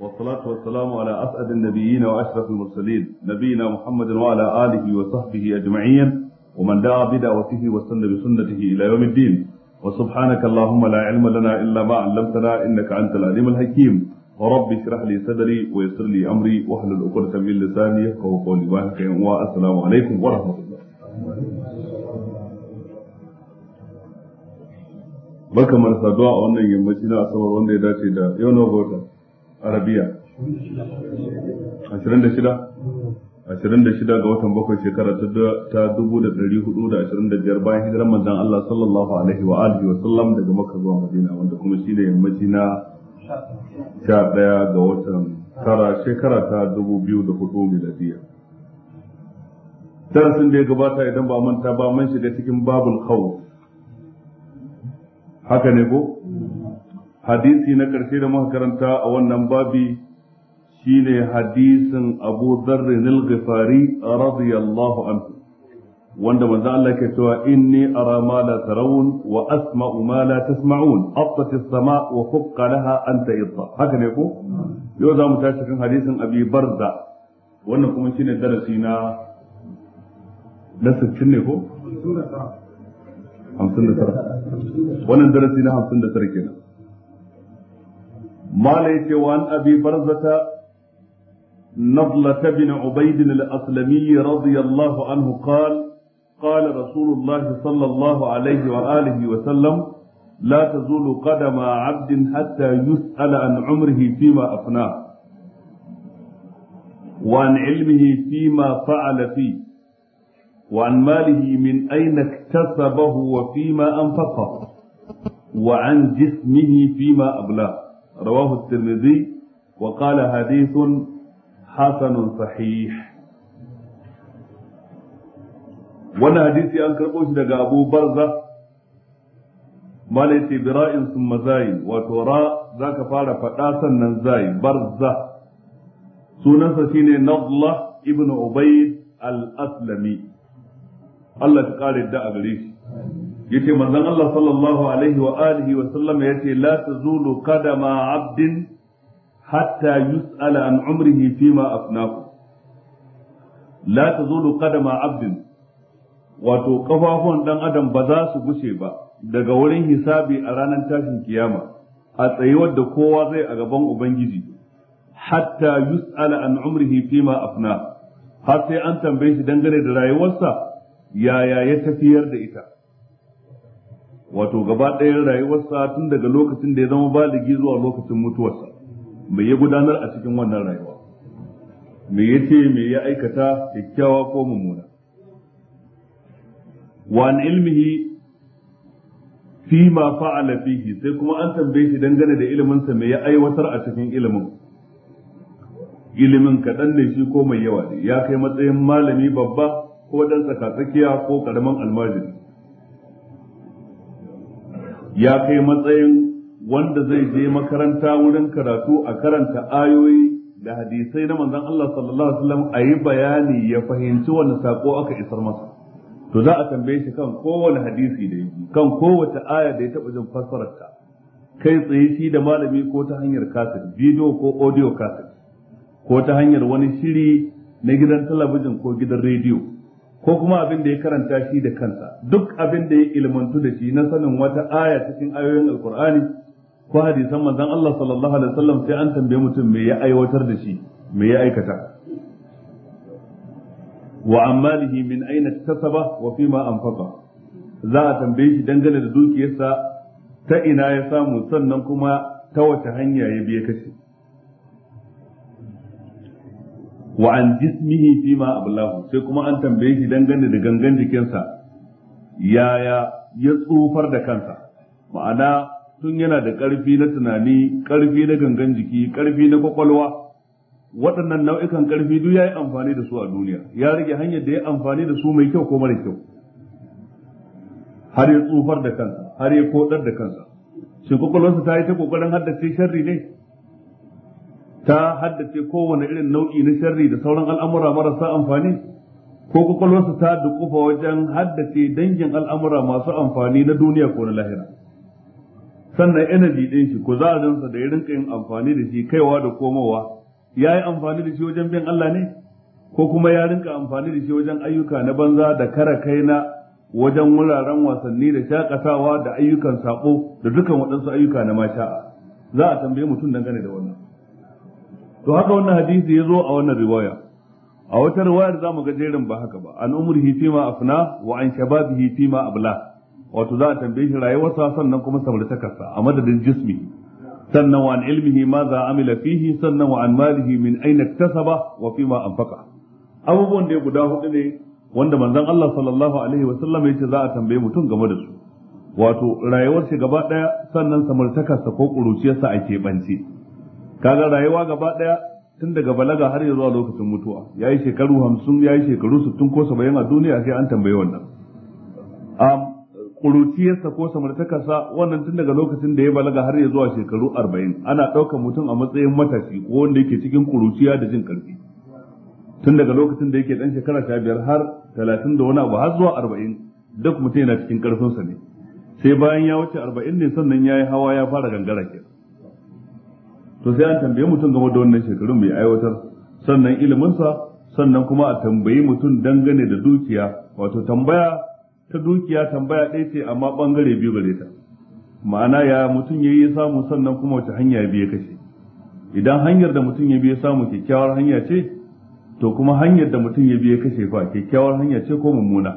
والصلاة والسلام على أسعد النبيين وأشرف المرسلين نبينا محمد وعلى آله وصحبه أجمعين ومن دعا بدعوته وسن بسنته إلى يوم الدين وسبحانك اللهم لا علم لنا إلا ما علمتنا إنك أنت العليم الحكيم ورب اشرح لي صدري ويسر لي أمري واحلل عقدة من لساني يفقهوا قولي والسلام عليكم ورحمة الله barkan mu saduwa a wannan yammaci na asabar wanda ya dace da yau na gobe arabiya ashirin da shida ashirin da shida ga watan bakwai shekara ta dubu da dari hudu da ashirin da biyar bayan hijiran manzan Allah sallallahu alaihi wa alihi wa sallam daga maka zuwa Madina wanda kuma shi da yammaci na sha ɗaya ga watan tara shekara ta dubu biyu da hudu miladiya darasin da ya gabata idan ba manta ba mun shiga cikin babul khawf haka ne ko hadisi na ƙarshe da muka karanta a wannan babi shine hadisin Abu Dharr al-Ghifari radiyallahu anhu wanda manzo Allah ke cewa inni ara ma la tarawun wa asma'u ma la tasma'un attat as-sama' wa faqqa laha anta idda haka ne ko yau zamu tashi kan hadisin Abi Barza wannan kuma shine darasi na na 60 ne ko 59 wannan darasi na 59 kenan ما ليس wa ابي برزة نضلة بن عبيد الأسلمي رضي الله عنه قال قال رسول الله صلى الله عليه وآله وسلم لا تزول قدم عبد حتى يسأل عن عمره فيما أفناه وعن علمه فيما فعل فيه وعن ماله من أين اكتسبه وفيما أنفقه وعن جسمه فيما أبلاه رواه الترمذي وقال حديث حسن صحيح وانا حديثي أن كربوش لقى أبو برزة ما ليس براء ثم زاين وتراء ذاك فار فتاسا نزاين برزة سنة شيني نضلة ابن عبيد الأسلمي الله تقال الداء بريش yace manzon Allah sallallahu alaihi wa alihi wa sallam yace la tazulu qadama abdin hatta yus'ala an umrihi fima afnahu la tazulu qadama abdin wato kafafun dan adam ba za su gushe ba daga wurin hisabi a ranar tashin kiyama a tsayuwar da kowa zai a gaban ubangiji hatta yus'ala an umrihi fima afna har sai an tambaye shi dangane da rayuwarsa yaya ya tafiyar da ita wato gaba ɗayan rayuwarsa tun daga lokacin da ya zama baligi zuwa lokacin mutuwarsa mai ya gudanar a cikin wannan rayuwa me ya ce me ya aikata kyakkyawa ko mummuna Wani ilmihi fi ma fa'ala fihi sai kuma an tambaye shi dangane da ilimin sa me ya aiwatar a cikin ilimin ilimin kaɗan ne shi ko mai yawa ne ya kai matsayin malami babba ko dan tsakatsakiya ko karamin almajiri ya kai matsayin wanda zai je makaranta wurin karatu a karanta ayoyi da hadisai na manzon Allah sallallahu alaihi wasallam a yi bayani ya fahimci wani sako aka isar masa to za a tambaye shi kan kowane hadisi da yake kan kowace aya da ya taba jin fassararta kai tsaye shi da malami ko ta hanyar kaset bidiyo ko audio kaset ko ta hanyar wani shiri na gidan talabijin ko gidan rediyo ko kuma abin da ya karanta shi da kansa duk abin da ya ilmantu da shi na sanin wata aya cikin ayoyin alkur'ani ko hadisan manzon Allah sallallahu alaihi wasallam sai an tambaye mutum me ya aiwatar da shi me ya aikata wa amalihi min aina tasaba wa fima anfaqa za a tambaye shi dangane da dukiyarsa ta ina ya samu sannan kuma ta wace hanya ya biye kashi wa an jismihi fi ma ablahu sai kuma an tambaye shi dangane da gangan jikinsa yaya ya tsufar da kansa ma'ana tun yana da ƙarfi na tunani ƙarfi na gangan jiki ƙarfi na kwakwalwa waɗannan nau'ikan ƙarfi duk ya yi amfani da su a duniya ya rage hanyar da ya amfani da su mai kyau ko mara kyau har ya tsufar da kansa har ya koɗar da kansa shi kwakwalwarsa ta yi ta ƙoƙarin haddace sharri ne ta haddace kowane irin nau'i na sharri da sauran al'amura marasa amfani ko kwakwalwarsa ta dukufa wajen haddace dangin al'amura masu amfani na duniya ko na lahira sannan energy ɗin shi kuzarinsa da ya rinka yin amfani da shi kaiwa da komowa ya yi amfani da shi wajen bin Allah ne ko kuma ya rinka amfani da shi wajen ayyuka na banza da kara kai na wajen wuraren wasanni da shakatawa da ayyukan sako da dukkan waɗansu ayyuka na masha'a za a tambaye mutum dangane da wannan to haka wannan hadisi ya zo a wannan riwaya a wata riwayar za mu ga jerin ba haka ba an umrihi hitima afna wa an shababihi hitima abla wato za a tambaye shi rayuwarsa sannan kuma samartakarsa a madadin jismi sannan wa an ilmihi ma za amila fihi sannan wa an malihi min aina iktasaba wa fima anfaqa abubuwan da ya guda hudu ne wanda manzon Allah sallallahu alaihi wa sallam yace za a tambaye mutum game da su wato rayuwar gaba daya sannan samartakarsa ko kuruciyarsa a keɓance kaga rayuwa gaba daya tun daga balaga har ya zuwa lokacin mutuwa yayi shekaru hamsin yayi shekaru sittin ko 70 a duniya sai an tambaye wannan um, ƙuruciyarsa ko samartakarsa wannan tun daga lokacin da ya balaga har ya zuwa shekaru arba'in ana ɗaukar mutum a matsayin matashi ko wanda yake cikin ƙuruciya da jin ƙarfi tun daga lokacin da yake ɗan shekara sha biyar har talatin da wani abu har zuwa arba'in duk mutum yana cikin ƙarfinsa ne sai bayan ya wuce arba'in ne sannan ya yi hawa ya fara gangara ke to sai an tambaye mutum game da wannan shekarun mai aiwatar sannan iliminsa sannan kuma a tambayi mutum dangane da dukiya wato tambaya ta dukiya tambaya ɗaya ce amma ɓangare biyu gare ta ma'ana ya mutum ya yi samu sannan kuma wace hanya biye kashe idan hanyar da mutum ya biye samu kyakkyawar hanya ce to kuma hanyar da mutum ya biye kashe fa kyakkyawar hanya ce ko mummuna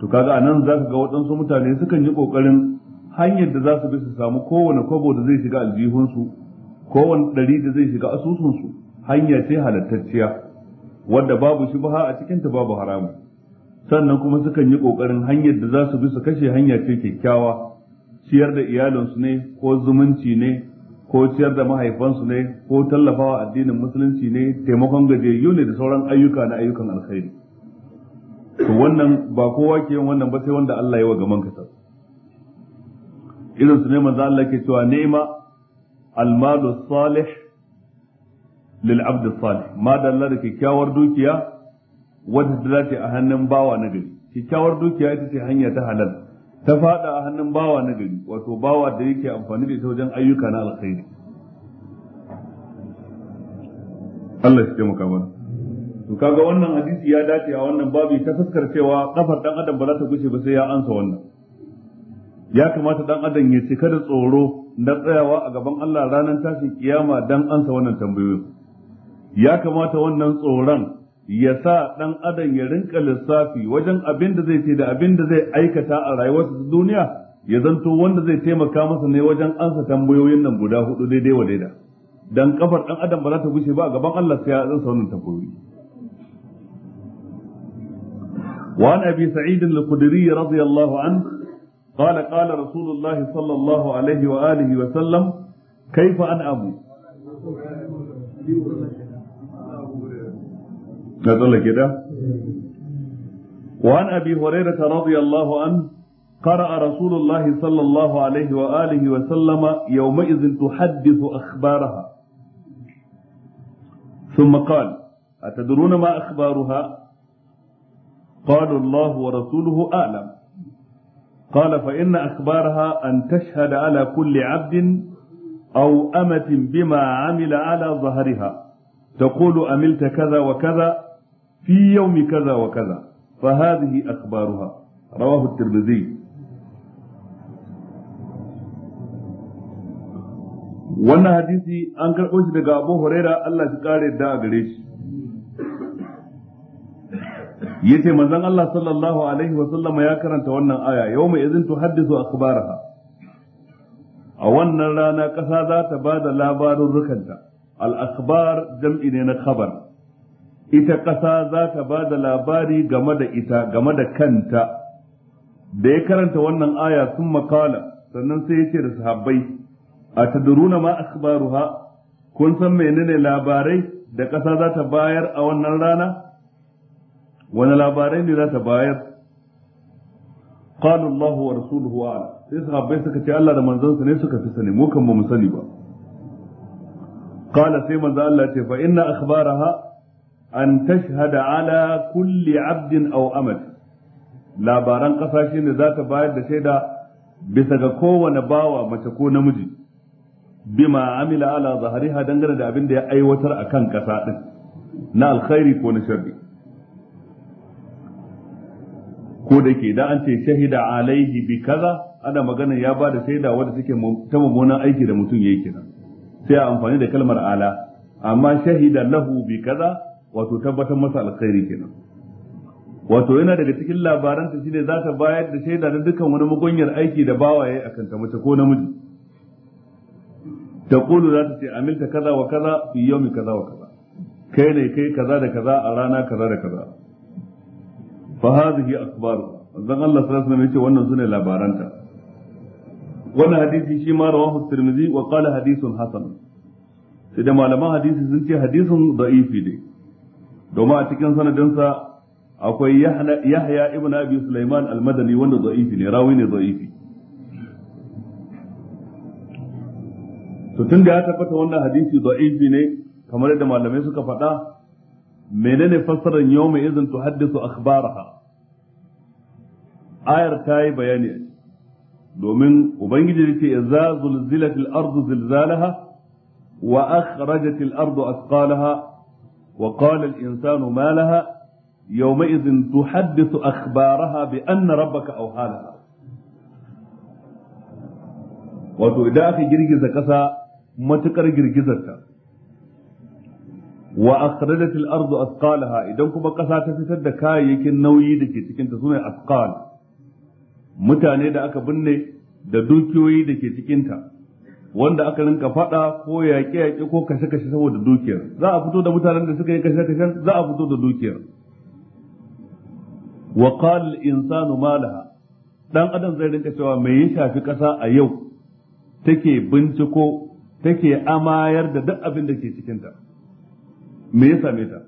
to kaga anan zaka ga waɗansu mutane sukan yi ƙoƙarin hanyar da za su bi su samu kowane kwabo da zai shiga aljihunsu kowane ɗari da zai shiga asusunsu hanya ce halattacciya wadda babu shi ba a cikinta babu haramu sannan kuma sukan yi ƙoƙarin hanyar da za su bi su kashe hanya ce kyakkyawa ciyar da iyalinsu ne ko zumunci ne ko ciyar da mahaifansu ne ko tallafawa addinin musulunci ne taimakon gajiyayyu ne da sauran ayyuka na ayyukan alkhairi to wannan ba kowa ke yin wannan ba sai wanda Allah ya wa gaman kasar irin su ne manzo Allah ke cewa nema almalu salih lil abd salih ma dalla da kyakkyawar dukiya wadda ta a hannun bawa na gari kyakkyawar dukiya ita ce hanya ta halal ta fada a hannun bawa na gari wato bawa da yake amfani da ita wajen ayyuka na alkhairi Allah ya taimaka mana to kaga wannan hadisi ya dace a wannan babu ta fuskar cewa kafar dan adam ba za ta gushe ba sai ya ansa wannan ya kamata dan adam ya cika da tsoro na tsayawa a gaban Allah ranar tashin kiyama dan ansa wannan tambayoyin ya kamata wannan tsoron ya sa dan adam ya rinka lissafi wajen abin da zai ce da abin da zai aikata a rayuwarsa ta duniya ya zanto wanda zai taimaka masa ne wajen ansa tambayoyin nan guda hudu daidai wa daida dan kafar dan adam ba za ta gushe ba a gaban Allah sai ya ansa wannan tambayoyi وعن abi sa'id al رضي radiyallahu anhu قال قال رسول الله صلى الله عليه وآله وسلم كيف أن أنعم هذا كده وعن أبي هريرة رضي الله عنه قرأ رسول الله صلى الله عليه وآله وسلم يومئذ تحدث أخبارها ثم قال أتدرون ما أخبارها قالوا الله ورسوله أعلم قال فإن أخبارها أن تشهد على كل عبد أو أمة بما عمل على ظهرها تقول أملت كذا وكذا في يوم كذا وكذا فهذه أخبارها رواه الترمذي wannan hadisi an karɓo shi daga abu huraira Allah shi kare da a gare shi yace manzon Allah sallallahu alaihi wa sallama ya karanta wannan aya yawma idhin tuhaddisu akhbaraha a wannan rana ƙasa za ta ba da labarin rukanta al-akhbar jam'i ne na khabar ita ƙasa za ta ba da labari game da ita game da kanta da ya karanta wannan aya sun makala sannan sai ya ce da sahabbai a taduruna ma akhbaruha kun san menene labarai da ƙasa za ta bayar a wannan rana wani labarai ne za ta bayar qala wa rasuluhu a'lam sai sahabbai suka ce Allah da manzansa ne suka fi sani mu kan ba mu sani ba qala sai manzo Allah ce fa inna akhbaraha an tashhada ala kulli 'abdin aw amad labaran kasa shine za ta bayar da shaida bisa ga kowane bawa mace ko namiji bima amila ala zahariha dangane da abin da ya aiwatar akan kasa din na alkhairi ko na sharri ko da ke idan an ce shahida alaihi bi kaza ana magana ya ba da shaida wanda take ta mummunan aiki da mutum yi kenan sai a amfani da kalmar ala amma shahida lahu bi kaza wato tabbatar masa alkhairi kenan wato yana daga cikin labaran ta shine za ta bayar da shaida na dukkan wani mugunyar aiki da bawaye akan ta mace ko namiji taqulu za ta ce amilta kaza wa kaza fi yawmi kaza wa kaza kai ne kai kaza da kaza a rana kaza da kaza fa hadhihi akbar dan Allah sallallahu alaihi wasallam wannan sune labaranta wannan hadisi shi ma rawahu tirmidhi wa qala hadithun hasan da malaman hadisi sun ce hadisin da'ifi ne domin a cikin sanadinsa akwai yahya ibn abi sulaiman al-madani wanda ne tun da ya tabbata wannan hadisi da'ifi ne kamar yadda malamai suka faɗa menene fassarar yawma idzin haddisu akhbaraha ayar ta yi bayani domin ubangiji ya ce idza zulzilatil ardu zilzalaha wa akhrajatil ardu asqalaha wa qala al insanu ma laha yawma yawma'idhin tuhaddithu akhbaraha bi anna rabbaka awhalaha wato idan aka girgiza kasa matukar girgizarta wa akhrajatil ardu asqalaha idan kuma kasa ta fitar da kayayyakin nauyi dake cikin ta sunai asqal mutane da aka binne da dukiyoyi da ke cikinta wanda aka rinka faɗa ko yaƙe-yaƙe ko kashe-kashe saboda dukiyar za a fito da mutanen da suka yi kashe kashe za a fito da dukiyar wa qala insanu malaha dan adam zai rinka cewa me ya shafi ƙasa a yau take binciko take amayar da duk abin da ke cikinta me ya same ta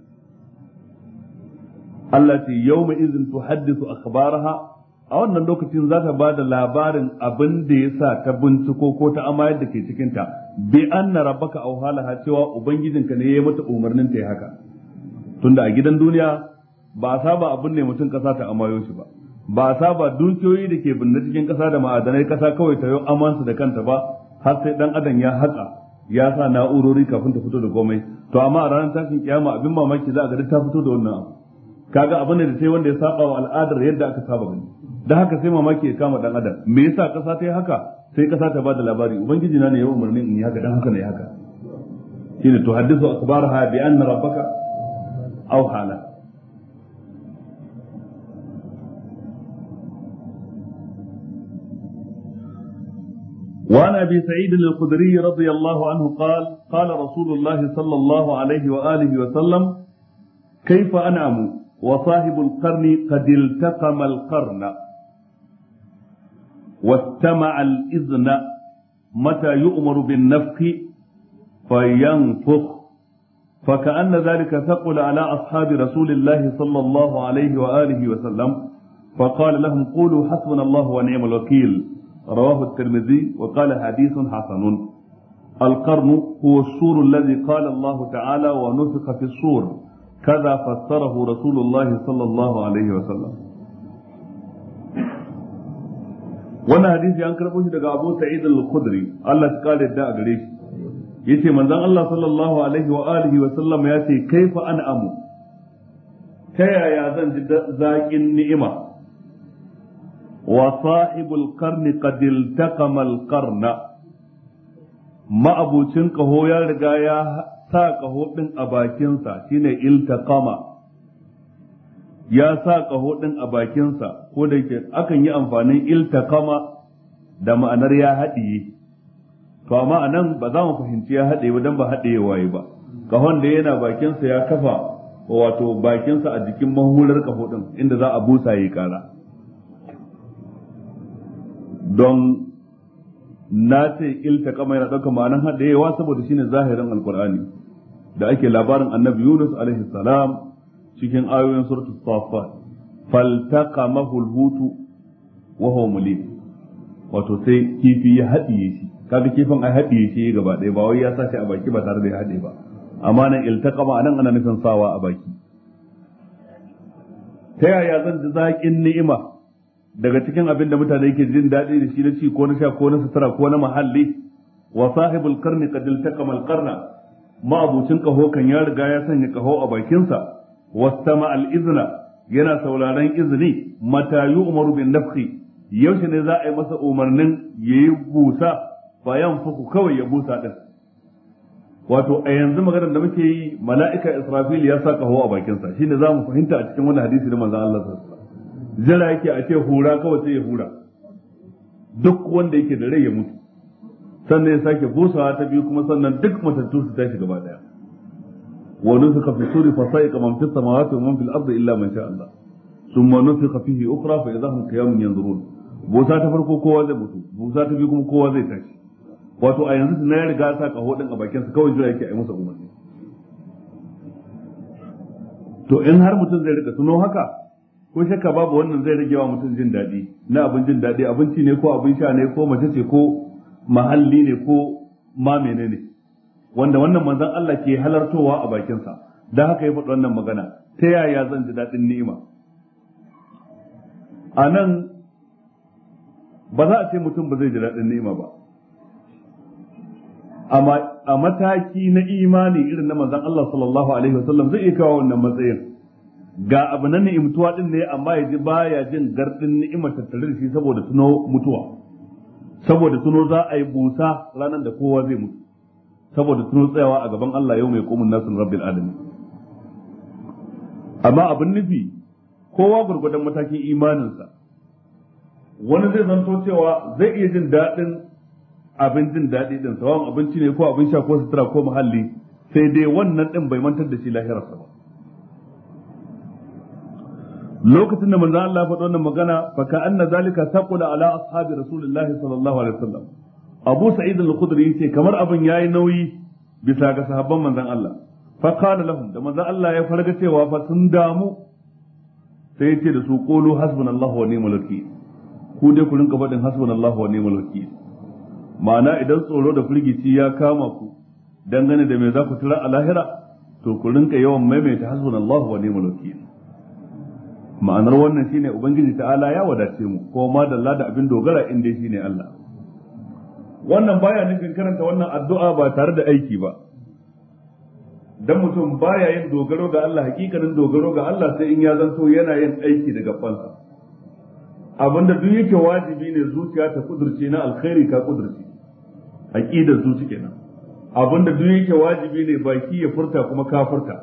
Allah ce yawma izin tuhaddithu akhbaraha a wannan lokacin za ta ba da labarin abin da ya sa ta binciko ko ta amayar da ke cikinta bi anna a wahala har cewa ubangijinka ne ya yi mata umarnin ta yi haka tunda a gidan duniya ba a saba abin ne mutum kasa ta amayo shi ba ba a saba dukiyoyi da ke binne cikin kasa da ma'adanai kasa kawai ta yi amansu da kanta ba har sai dan adam ya haka ya sa na'urori kafin ta fito da komai to amma a ranar tashin kiyama abin mamaki za a ga ta fito da wannan abu kaga abin da sai wanda ya saba wa al'adar yadda aka saba gani da haka sai mamaki ya kama dan adam me yasa kasa ta yi haka sai kasa ta bada labari ubangiji na ne ya umarni in yi haka dan haka ne haka shine to hadithu akhbaraha bi anna rabbaka aw hala وعن ابي سعيد الخدري رضي الله عنه قال قال رسول الله صلى الله عليه واله وسلم كيف انام وصاحب القرن قد التقم القرن واستمع الإذن متى يؤمر بالنفخ فينفخ فكأن ذلك ثقل على أصحاب رسول الله صلى الله عليه وآله وسلم فقال لهم قولوا حسبنا الله ونعم الوكيل رواه الترمذي وقال حديث حسن القرن هو السور الذي قال الله تعالى ونفخ في السور كذا فسره رسول الله صلى الله عليه وسلم wannan hadisi an karɓo shi daga Abu Sa'id al-Khudri Allah ya kare da a gare shi yace manzon Allah sallallahu alaihi wa alihi wa sallam ya ce kaifa amu.' ta yaya zan ji zaƙin ni'ima wa sahibul qarni qad iltaqama al-qarna ma'abucin kaho ya riga ya sa kaho din a bakinsa shine iltaqama ya sa ƙaho ɗin a bakinsa ko da yake akan yi amfanin iltakama da ma'anar ya haɗiye to amma a nan ba za mu fahimci ya haɗe ba don ba haɗe waye ba ƙahon da yana bakinsa ya kafa wato bakinsa a jikin mahular ƙaho ɗin inda za a busa ya ƙara don na ce iltakama yana ɗauka ma'anar haɗewa saboda shine zahirin alkur'ani da ake labarin annabi yunus alaihi salam cikin ayoyin suratul safat faltaqamahu alhutu wa huwa mulim wato sai kifi ya haɗiye shi kaga kifin ai haɗiye shi gaba ɗaya ba wai ya sa shi a baki ba tare da ya haɗe ba amma nan iltaqama anan ana nufin sawa a baki ta yaya zan ji zaƙin ni'ima daga cikin abin da mutane ke jin daɗi da shi na ci ko na sha ko na sutura ko na muhalli wa sahibul qarni qad iltaqama al qarna ma'abucin kaho kan ya riga ya sanya kaho a bakinsa wasama al-izna yana sauraron izini mata umaru bin nafhi yaushe ne za a yi masa umarnin yayi busa bayan fuku kawai ya busa din wato a yanzu maganar da muke yi mala'ika Israfil ya sa kaho a bakinsa shine za mu fahimta a cikin wani hadisi da manzon Allah sallallahu alaihi wasallam jira yake a ce hura kawai sai ya hura duk wanda yake da rai ya mutu sannan ya sake busawa ta biyu kuma sannan duk matattu su tashi gaba ɗaya. wa nufiqa fi suri fa man fis samawati wa man fil ardi illa man sha Allah thumma nufiqa fihi ukhra fa idha hum qiyamun yanzurun busa ta farko kowa zai mutu busa ta biyu kuma kowa zai tashi wato a yanzu na riga sa kaho din a bakin sa kawai jira yake a masa to in har mutum zai rika haka ko shakka babu wannan zai rage wa mutum jin daɗi na abin jin daɗi abinci ne ko abin sha ne ko mace ce ko mahalli ne ko ma menene wanda wannan manzon Allah ke halartowa a bakinsa da haka ya faɗi wannan magana ta yaya zan ji daɗin ni'ima a nan ba za a ce mutum ba zai ji daɗin ni'ima ba a mataki na imani irin na manzon Allah sallallahu alaihi wasallam zai iya kawo wannan matsayin ga abu na ni'imtuwa din ne amma ya ji baya jin gardin ni'imar tattare da shi saboda suno mutuwa saboda suno za a yi busa ranar da kowa zai mutu saboda sun tsayawa a gaban Allah yau mai komun nasu rabbil alamin amma abin nufi kowa gurgudan matakin imaninsa wani zai zanto cewa zai iya jin daɗin abin jin daɗi din sawan abinci ne ko abin sha ko sutura ko muhalli sai dai wannan ɗin bai mantar da shi lahirarsa ba lokacin da manzon Allah ya faɗo wannan magana fa ka anna zalika taqula ala ashabi rasulillahi sallallahu alaihi wasallam abu sa'id al-khudri yace kamar abin yayi nauyi bisa ga sahabban manzon Allah fa qala lahum da manzon Allah ya farga cewa fa sun damu sai yace da su qulu hasbunallahu wa ni'mal wakeel ku dai ku rinka faɗin hasbunallahu wa ni'mal wakeel ma'ana idan tsoro da firgici ya kama ku dangane da me za ku tura a lahira to ku rinka yawan maimaita hasbunallahu wa ni'mal wakeel ma'anar wannan shine ubangiji ta'ala ya wadace mu ko ma da abin dogara in dai shine Allah wannan baya nufin karanta wannan addu'a ba tare da aiki ba dan mutum baya yin dogaro ga Allah hakikanin dogaro ga Allah sai in ya zanto yana yin aiki daga fansa abinda duk yake wajibi ne zuciya ta kudurce na alkhairi ka kudurce aqida zuci kenan abinda duk yake wajibi ne baki ya furta kuma ka furta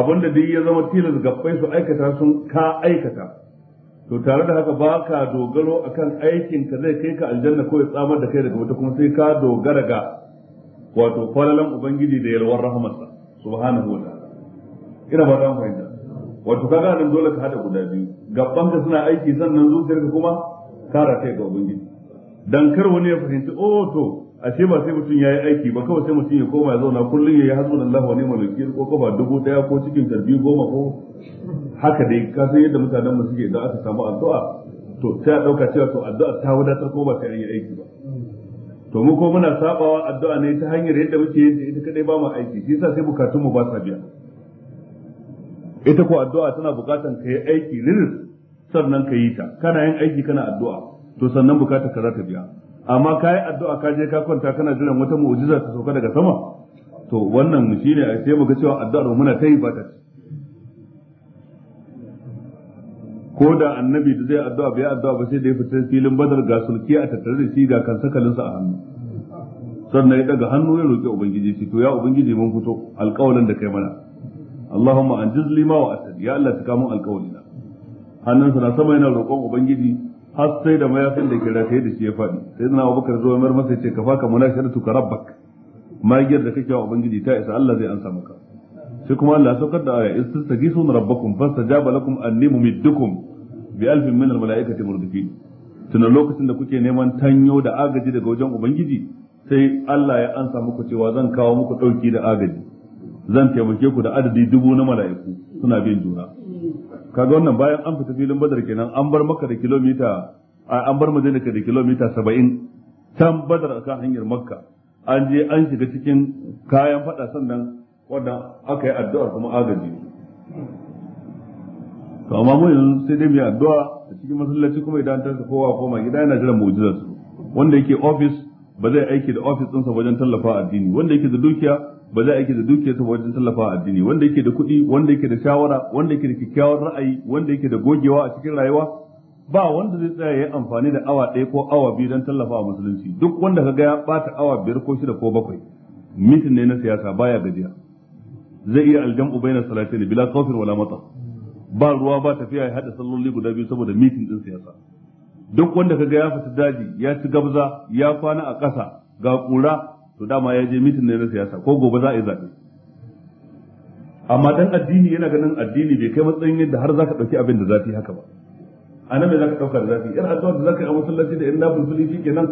abinda duk ya zama tilas gabbai su aikata sun ka aikata to tare da haka ba ka dogaro akan aikin ka zai kai ka aljanna ko ya tsamar da kai daga wata kuma sai ka dogara ga wato falalan ubangiji da yalwar rahmatsa subhanahu wa ta'ala ina ba dan fahimta wato kaga nan dole ka hada guda biyu gaban ka suna aiki sannan zuciyarka kuma kara kai ga ubangiji dan kar wani ya fahimci oh to ashe ba sai mutum ya yi aiki ba kawai sai mutum ya koma ya zauna kullum ya yi da wa wani wakil ko kafa dubu daya ko cikin karbi goma ko haka dai ka san yadda mutanen mu suke idan aka samu addu'a to sai a dauka cewa to addu'a ta wadatar ko ba ta yi aiki ba to mu ko muna sabawa addu'a ne ta hanyar yadda muke yin ita kadai ba mu aiki shi yasa sai bukatun mu ba sa biya ita ko addu'a tana bukatan ka yi aiki ririn sannan ka yi ta kana yin aiki kana addu'a to sannan bukatar ka za ta biya amma ka yi addu'a ka je ka kwanta kana jiran wata mu'ujiza ta sauka daga sama to wannan shi ne a sai muka cewa addu'ar muna ta yi ba ta ko da annabi da zai addu'a bai addu'a ba sai da ya fita filin badar ga sulki a tattare da shi ga kan sakalinsa a hannu sannan ya daga hannu ya roƙi ubangiji shi to ya ubangiji mun fito alƙawalin da kai mana Allahumma anjiz lima wa asad ya Allah ka mun alƙawalina hannunsa na sama yana roƙon ubangiji har sai da mayafin da kira sai da shi ya faɗi sai wa abubakar zuwa mar masa ce ka faka munashar tuka rabbak magiyar da kake wa ubangiji ta isa Allah zai ansa maka sai kuma Allah saukar da aya istastagisun rabbakum fastajaba lakum anni mumiddukum bi alfin min almalaikati murdifin tuna lokacin da kuke neman tanyo da agaji daga wajen ubangiji sai Allah ya ansa muku cewa zan kawo muku dauki da agaji zan taimake ku da adadi dubu na mala'iku suna bin juna kaga wannan bayan an fita filin badar kenan an bar maka da kilomita an bar madina ka da kilomita saba'in can badar akan hanyar makka an je an shiga cikin kayan fada sannan wannan aka yi addu'a kuma agaji to amma mu yanzu sai dai mu yi addu'a a cikin masallaci kuma idan ta kowa koma gida yana jiran mu'jizar su wanda yake office ba zai aiki da office ɗinsa wajen tallafa addini wanda yake da dukiya ba za a yake da dukiyarsa wajen tallafawa addini wanda yake da kuɗi wanda yake da shawara wanda yake da kyakkyawar ra'ayi wanda yake da gogewa a cikin rayuwa ba wanda zai tsaya ya amfani da awa ɗaya ko awa biyu don tallafawa musulunci duk wanda ka ya bata awa biyar ko shida ko bakwai mitin ne na siyasa baya gajiya zai iya ubaina baina ne bila khawfin wala matsa, ba ruwa ba tafiya ya haɗa salloli guda biyu saboda mitin ɗin siyasa duk wanda ka ya fita daji ya ci gabza ya kwana a ƙasa ga ƙura to dama ya je mitin ne na siyasa ko gobe za a yi zaɓe amma dan addini yana ganin addini bai kai matsayin yadda har zaka dauki abin da zafi haka ba a nan za zaka dauka da zafi yar addu'a da zaka yi a masallaci da 'yan dafin na shi kenan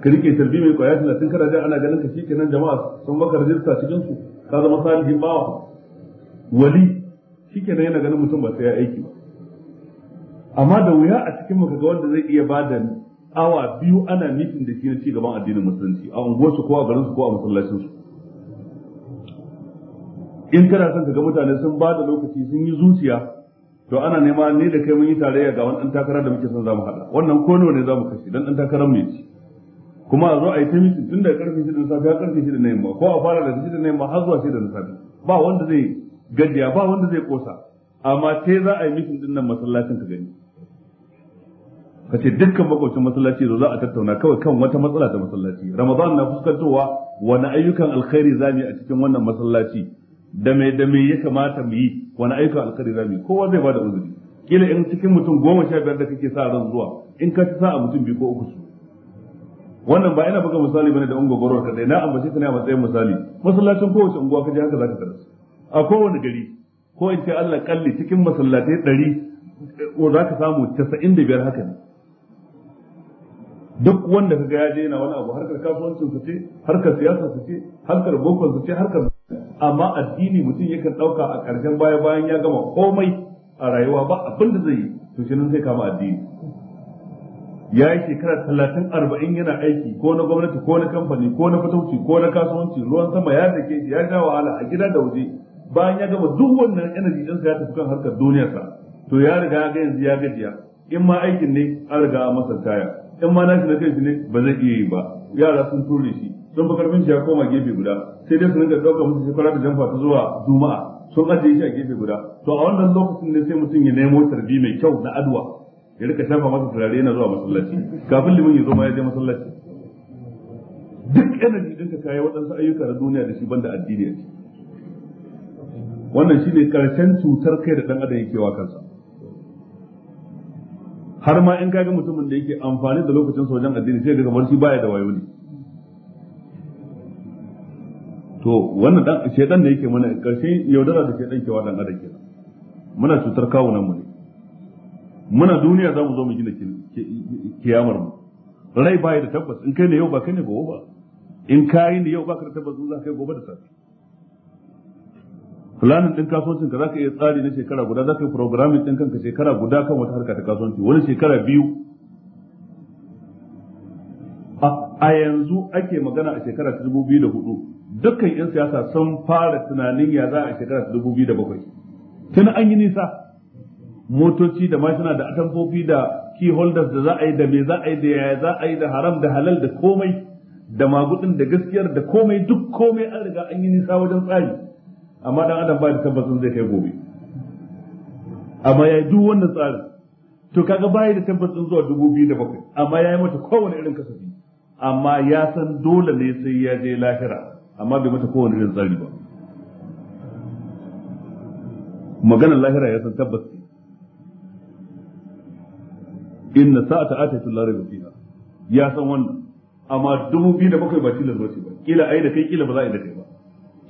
ka rike tarbi mai kwaya talatin kana jin ana ganin ka kenan jama'a sun baka rajista cikin su ka zama salihin bawa wali kenan yana ganin mutum ba sai ya aiki ba amma da wuya a cikin mu kaga wanda zai iya bada awa biyu ana mitin da shi na cigaban addinin musulunci a unguwarsu ko a garinsu ko a su. in kana son ka ga mutane sun ba da lokaci sun yi zuciya to ana nema ne da kai mun yi tarayya ga wani ɗan takara da muke son za mu haɗa wannan ko nawa ne za mu kashe dan ɗan takarar mai ci kuma a zo a yi ta mitin tun da karfe shida na safe har karfe shida na yamma ko a fara da shida na yamma har zuwa shida na safe ba wanda zai gaddiya ba wanda zai kosa amma sai za a yi mitin dinnan masallacin ka gani ka ce dukkan makwabcin masallaci da za a tattauna kawai kan wata matsala ta masallaci ramadan na fuskantowa wani ayyukan alkhairi za mu yi a cikin wannan masallaci da me da me ya kamata mu yi wani ayyukan alkhairi za mu yi kowa zai bada uzuri kila in cikin mutum goma sha biyar da kake sa ran zuwa in ka sa a mutum biyu ko uku su wannan ba ina buga misali bane da ungogoro dai na ambace ka ne a matsayin misali masallacin kowace unguwa kaje haka zaka tarasu a kowane gari ko in ce Allah kalli cikin masallatai 100 eh, za ka samu 95 haka ne duk wanda kaga ya je yana wani abu harkar kasuwancin su ce harkar siyasa su ce harkar boko su ce harkar amma addini mutum yakan ɗauka a karshen baya bayan ya gama komai a rayuwa ba abin da zai yi to shi nan zai kama addini ya yi shekara talatin arba'in yana aiki ko na gwamnati ko na kamfani ko na fatauci ko na kasuwanci ruwan sama ya dake shi ya ja wahala a gida da waje bayan ya gama duk wannan energy ɗinsa ya tafi kan harkar duniyarsa to ya riga ya ga yanzu ya gajiya in ma aikin ne an riga a masa taya in ma nashi na shi ne ba zai iya yi ba yara sun ture shi don ba karfin shi ya koma gefe guda sai dai su rinka ɗaukar musu shekara da jamfa ta zuwa juma'a sun ajiye shi a gefe guda to a wannan lokacin ne sai mutum ya nemo tarbi mai kyau na adwa ya rika shafa masa turare yana zuwa masallaci kafin limin ya zo ma ya je masallaci duk energy ɗinka kaya waɗansu ayyuka na duniya da shi banda addini a ciki wannan ne karshen cutar kai da ɗan adam yake wa kansa har ma in kaga mutumin da yake amfani da lokacin sojan wajen addini sai ga kamar shi baya da wayo ne to wannan dan shedan da yake mana karshe yaudara da shedan ke wadan adake muna cutar nan mu ne muna duniya za mu zo mu gina kiyamar mu rai baya da tabbas in kai ne yau ba kai ne gobe ba in kai ne yau ba ka da tabbas zuwa kai gobe da safe planning din kasuwancin ka zaka iya tsari na shekara guda zaka yi programming din kanka shekara guda kan wata harka ta kasuwanci wani shekara biyu a yanzu ake magana a shekara ta dubu biyu da hudu dukkan 'yan siyasa sun fara tunanin ya za a shekara ta dubu biyu da bakwai tun an yi nisa motoci da mashina da atamfofi da key holders da za a yi da me za a yi da yaya za a yi da haram da halal da komai da magudin da gaskiyar da komai duk komai an riga an yi nisa wajen tsari amma dan adam ba da tabbacin zai kai gobe amma yayi duk wannan tsarin to kaga bai da tabbacin zuwa dubu biyu da bakwai amma yayi mata kowane irin kasafi amma ya san dole ne sai ya je lahira amma bai mata kowane irin tsari ba maganar lahira ya san tabbas inna sa'ata atatu la rayba fiha ya san wannan amma dubu biyu da bakwai ba tilas ce ba kila ai da kai kila ba za a yi da kai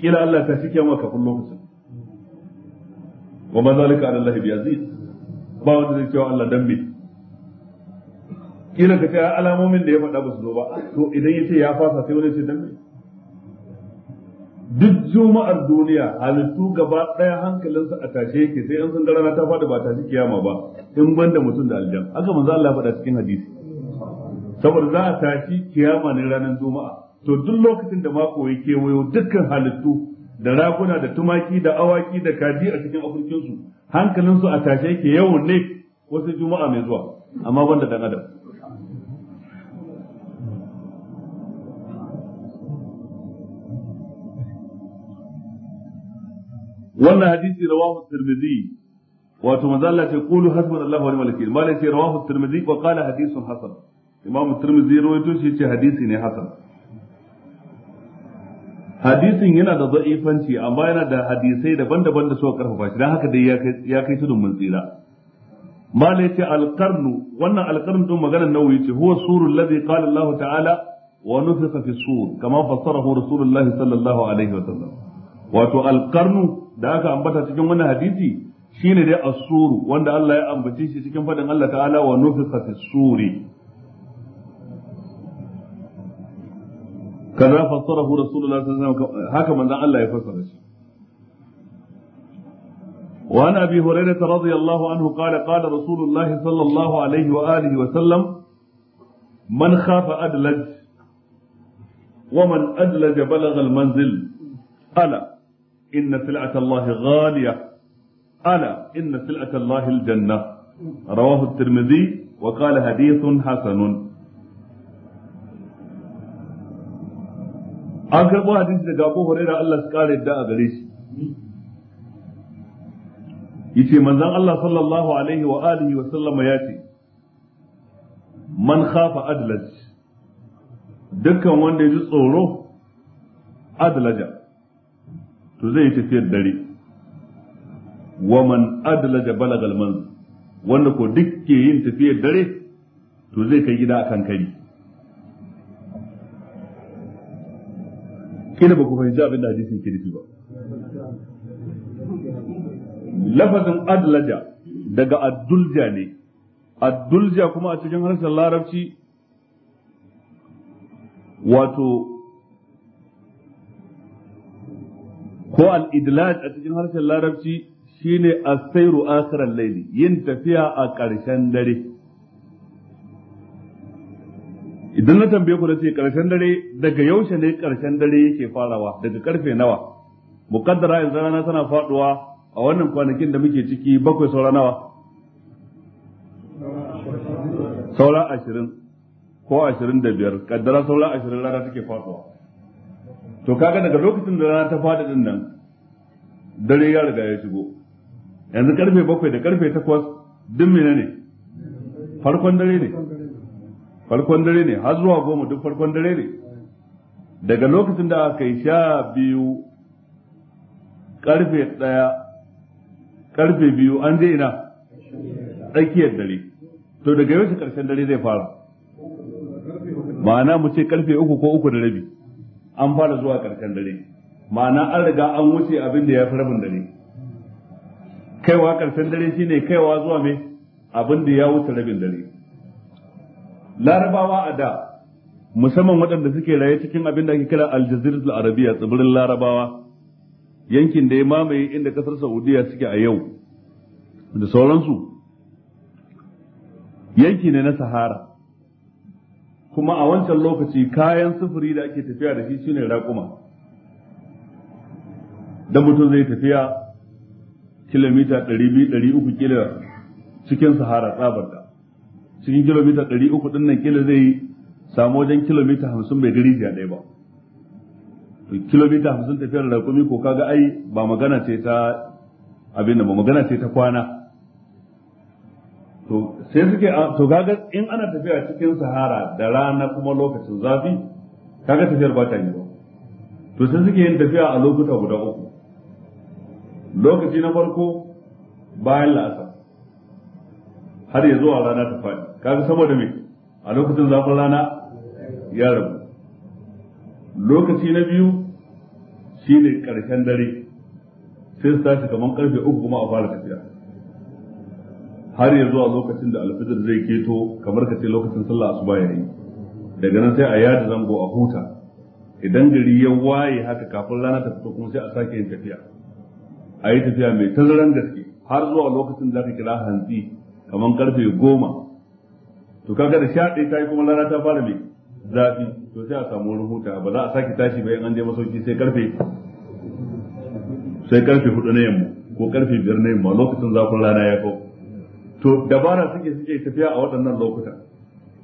kila Allah ta cike maka kafin lokacin wa ma zalika ala Allah bi aziz ba wanda zai cewa Allah dan me kila ka kai alamomin da ya faɗa ba su zo ba to idan yace ya fasa sai wani ce dan me duk juma'ar duniya halittu gaba ɗaya hankalinsa a tashe yake sai in sun ga rana ta faɗi ba tashi kiyama ba in banda mutum da aljan haka manzo Allah faɗa cikin hadisi saboda za a tashi kiyama ne ranar juma'a to duk lokacin da mako ya kewayo dukkan halittu da raguna da tumaki da awaki da kaji a cikin abincinsu hankalinsu a tashe yake yau ne wasu juma'a mai zuwa amma banda dan adam wannan hadisi rawahu tirmidhi wato manzo Allah ce qulu hasbuna Allah wa ni'mal wakeel malai ce rawahu tirmidhi wa qala hadithun hasan imam tirmidhi rawaito shi ce hadisi ne hasan hadisin yana da za'ifanci amma yana da hadisai daban-daban da suka karfafa shi dan haka dai ya kai tudun mun tsira mala yace alqarnu wannan alqarnu din magana nawawi ce huwa surul ladhi qala Allah ta'ala wa nufiqa fi sur kama fassarahu rasulullah sallallahu alaihi wa sallam wato alqarnu da aka ambata cikin wannan hadisi shine dai asuru wanda Allah ya ambace shi cikin fadin Allah ta'ala wa nufi fi suri kaza رسول الله صلى الله عليه وسلم manzon Allah لا fassara shi وعن ابي هريره رضي الله عنه قال قال رسول الله صلى الله عليه واله وسلم من خاف ادلج ومن ادلج بلغ المنزل الا ان سلعه الله غاليه الا ان سلعه الله الجنه رواه الترمذي وقال حديث حسن an karɓo hadisi daga Abu Hurairah Allah su ƙara yadda a gare shi yace manzon Allah sallallahu alaihi wa alihi wa sallama ya ce man khafa adlaj dukkan wanda ya ji tsoro adlaja to zai yi tafiyar dare wa man adlaja balagal manzil wanda ko duk ke yin tafiyar dare to zai kai gida akan kari kina ba ku fahimci abin da hadisin ke nufi ba lafazin adlaja daga adulja ne adulja kuma a cikin harshen larabci wato ko al-idlaj a cikin harshen larabci shine a sairu akhiral layli yin tafiya a ƙarshen dare idan na tambaye ku ce karshen dare daga yaushe ne karshen dare yake farawa daga karfe nawa muqaddara yanzu rana tana faduwa a wannan kwanakin da muke ciki bakwai saura nawa saura ashirin ko ashirin da biyar kaddara saura ashirin rana take faduwa to kaga daga lokacin da rana ta fada din nan dare ya riga ya shigo yanzu karfe bakwai da karfe takwas duk menene farkon dare ne farkon dare ne har zuwa goma duk farkon dare ne daga lokacin da aka yi sha biyu karfe ɗaya karfe biyu an je ina tsakiyar dare to daga yau karshen dare zai fara ma'ana mu ce karfe uku ko uku da rabi an fara zuwa karshen dare ma'ana an riga an wuce abin da ya fi rabin dare kaiwa karshen dare shine kaiwa zuwa me abin da ya wuce rabin dare larabawa a da musamman waɗanda suke raye cikin abin da ake kira aljazir arabiya tsibirin larabawa yankin da ya mamaye inda kasar saudiya suke a yau da sauransu yanki ne na sahara kuma a wancan lokaci kayan sufuri da ake tafiya da shi shine raƙuma Don mutum zai tafiya kilomita 200-300 cikin sahara tsabarta cikin kilomita ɗari uku ɗin nan kila zai samu wajen kilomita hamsin bai gari jiya ɗaya ba kilomita hamsin tafiyar raƙumi ko kaga ai ba magana ce ta abin da ba magana ce ta kwana to sai suke to kaga in ana tafiya cikin sahara da rana kuma lokacin zafi kaga tafiyar ba ta yi ba to sai suke yin tafiya a lokuta guda uku lokaci na farko bayan la'asar har ya zuwa rana ta faɗi kaga saboda me a lokacin zafin rana ya rabu lokaci na biyu shine karshen dare sai su tashi kamar karfe uku kuma a fara tafiya har ya zuwa lokacin da alfijir zai keto kamar ka ce lokacin sallah asuba ya yi daga nan sai a yada zango a huta idan gari ya waye haka kafin rana ta fito kuma sai a sake yin tafiya a yi tafiya mai tazaran gaske har zuwa lokacin da aka kira hantsi kamar karfe goma to kaga da sha ɗaya ta yi kuma rana ta fara mai zafi to sai a samu rahuta ba za a sake tashi bayan an je masauki sai karfe sai karfe hudu na yamma ko karfe biyar na yamma lokacin zafin rana ya kau to dabara suke suke tafiya a waɗannan lokuta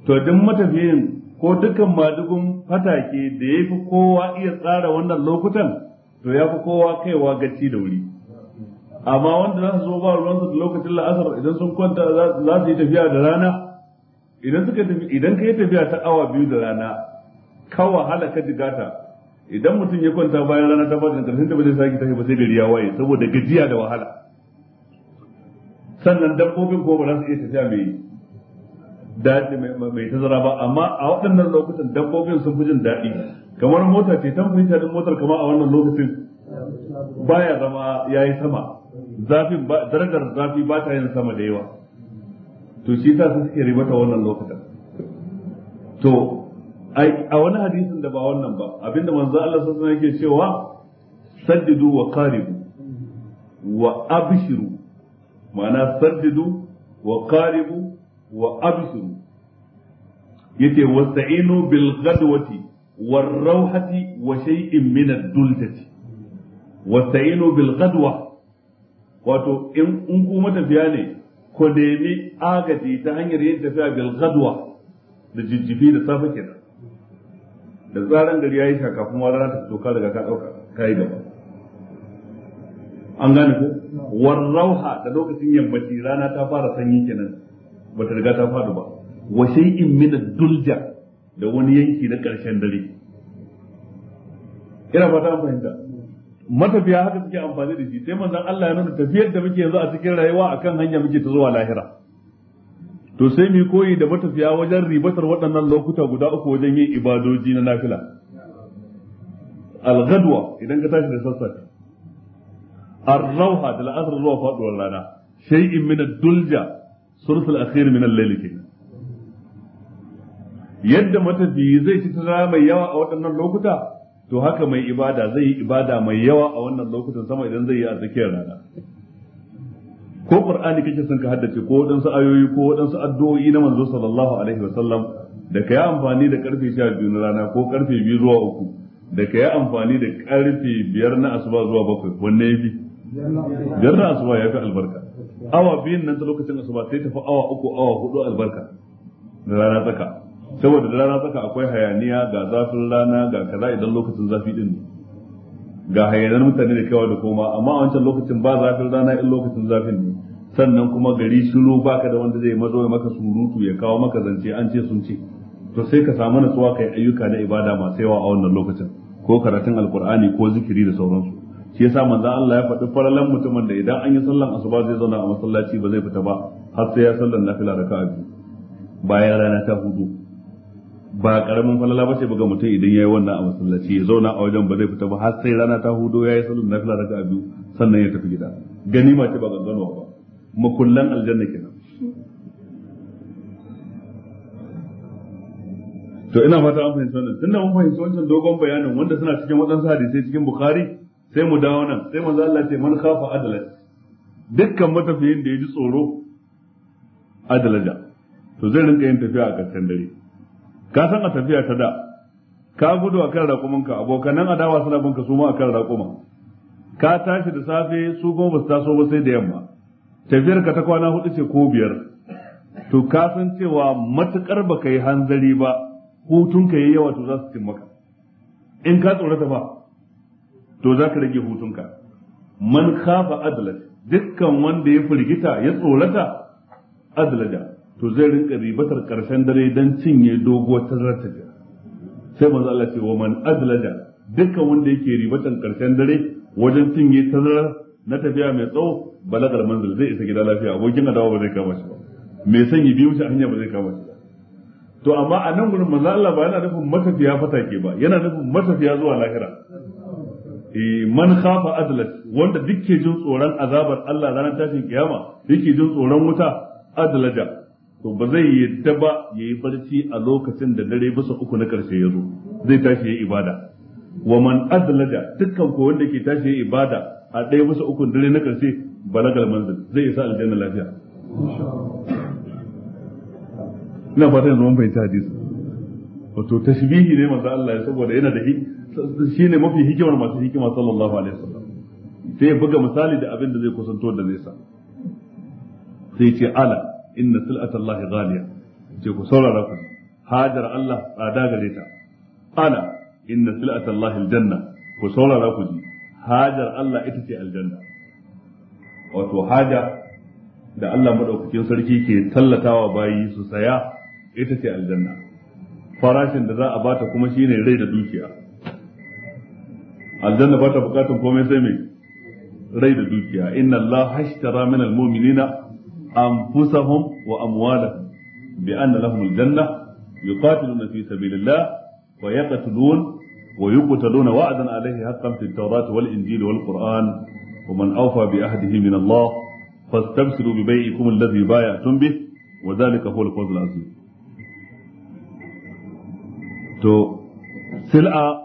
to duk matafiyin ko dukkan madugun fatake da ya fi kowa iya tsara wannan lokutan to ya fi kowa kaiwa gaci da wuri amma wanda za su zo ba ruwan su lokacin la'asar idan sun kwanta za su yi tafiya da rana idan suka tafi idan ka yi tafiya ta awa biyu da rana ka wahala ka jigata idan mutum ya kwanta bayan rana ta fadin karshen ta ba zai sake tafi ba sai gari ya waye saboda gajiya da wahala sannan dabbobin ko ba za su iya tafiya mai daɗi mai tazara ba amma a waɗannan lokutan dabbobin sun fi jin daɗi kamar mota ce tan fi motar kama a wannan lokacin baya zama ya yi sama zafin ba darajar zafi ba ta yin sama da yawa to shi ta su suke ribata wannan lokacin to a wani hadisin da ba wannan ba abinda manzo Allah sun alaihi yake cewa saddidu wa qaribu wa abshiru ma'ana saddidu wa qaribu wa abshiru yace wasta'inu bil ghadwati war rawhati wa shay'in min ad-duldati wasta'inu bil ghadwati wato in ku matafiya ne ku nemi agaji ta hanyar yin tafiya bil gadwa da jijjibi da safe kenan da zaran gari yayi shaka kuma rana ta fito ka daga ka dauka kai gaba an gane ko rauha da lokacin yammaci rana ta fara sanyi kenan bata riga ta fadu ba wa shay'in min ad-dulja da wani yanki na karshen dare ina fata an fahimta matafiya haka suke amfani da shi sai manzon Allah ya nuna tafiyar da muke yanzu a cikin rayuwa akan hanya muke ta zuwa lahira to sai mu koyi da matafiya wajen ribatar waɗannan lokuta guda uku wajen yin ibadoji na nafila al-ghadwa idan ka tashi da sassafe ar-rawha da la'azar zuwa faɗuwar rana shay'in min ad-dulja surtul akhir min al-layl yadda matafiyi zai ci tara mai yawa a waɗannan lokuta to haka mai ibada zai yi ibada mai yawa a wannan lokutan sama idan zai yi a tsakiyar rana ko qur'ani kake son ka haddace ko wadansu ayoyi ko wadansu addu'o'i na manzo sallallahu alaihi wasallam da ka yi amfani da karfe 12 na rana ko karfe 2 zuwa 3 da ka yi amfani da karfe 5 na asuba zuwa 7 wanne yafi biyar na asuba yafi albarka awa biyun nan ta lokacin asuba sai tafi awa uku awa 4 albarka da rana tsaka saboda da rana saka akwai hayaniya ga zafin rana ga kaza idan lokacin zafi din ne ga hayanar mutane da kewa da koma amma a wancan lokacin ba zafin rana in lokacin zafin ne sannan kuma gari shiru baka da wanda zai mazo ya maka surutu ya kawo maka zance an ce sun ce to sai ka samu nutsuwa kai ayyuka na ibada masu yawa a wannan lokacin ko karatun alkur'ani ko zikiri da sauransu shi yasa manzon Allah ya faɗi faralan mutumin da idan an yi sallan asuba zai zauna a masallaci ba zai fita ba har sai ya sallan nafila raka'a biyu bayan rana ta hudu ba karamin falala ba sai buga mutum idan yayi wannan a masallaci ya zauna a wajen ba zai fita ba har sai rana ta hudo yayi salon nafila daga biyu sannan ya tafi gida ma ce ba gangano ba makullan aljanna kenan to ina fata an fahimci wannan tunda mun fahimci wancan dogon bayanin wanda suna cikin waɗansu hadisai cikin bukhari sai mu dawo nan sai manzo Allah ce man khafa adalat dukkan matafiyin da ya ji tsoro adalaja to zai rinka yin tafiya a ƙarshen dare ka san a tafiya ta da ka gudu a akan raƙumanka abokanan adawa suna binka su ma akan raƙuma ka tashi da safe su kuma ba su taso ba sai da yamma tafiyar ka ta kwana hudu ce ko biyar to ka san cewa matukar ka yi hanzari ba hutun ka yi yawa to za su maka in ka tsorata ba to za ka rage hutunka man khafa adlat dukkan wanda ya firgita ya tsorata adlaja to zai rinka ribatar karshen dare don cinye doguwar tazarar ga sai manzo Allah ce wa man azlaja dukkan wanda yake ribatar karshen dare wajen cinye tazarar na tafiya mai tsawo balagar manzil zai isa gida lafiya abokin adawa ba zai kama shi ba mai sanyi biyu shi hanya ba zai kama shi ba to amma a nan gurin manzo Allah ba yana nufin matafiya fatake ba yana nufin matafiya zuwa lahira eh, man khafa azlat wanda duk ke jin tsoron azabar Allah ranar tashin kiyama yake jin tsoron wuta adlaja to ba zai yadda ba ya yi barci a lokacin da dare bisa uku na karshe ya zo zai tashi ya ibada wa man adlaja dukkan ko wanda ke tashi ya ibada a ɗaya bisa uku dare na karshe balagal manzil zai isa aljanna lafiya ina fata yanzu mun fahimta hadisi wato tashbihi ne manzo Allah ya saboda yana da shi ne mafi hikimar masu hikima sallallahu alaihi wasallam sai ya buga misali da abin da zai kusanto da nesa sai ce ala inna sil'atallahi ghaliya ce ku saurara ku hajar Allah tsada gare ta ana inna sil'atallahi aljanna ku saurara ku hajar Allah ita ce aljanna wato haja da Allah madaukakin sarki ke tallatawa bayi su saya ita ce aljanna farashin da za a bata kuma shine rai da dukiya aljanna bata bukatun komai sai mai rai da dukiya inna Allah hashtara min almu'minina أنفسهم وأموالهم بأن لهم الجنة يقاتلون في سبيل الله ويقتلون ويقتلون وعدا عليه حقا في التوراة والإنجيل والقرآن ومن أوفى بعهده من الله فاستبشروا ببيعكم الذي بايعتم به وذلك هو الفوز العظيم تو سلعة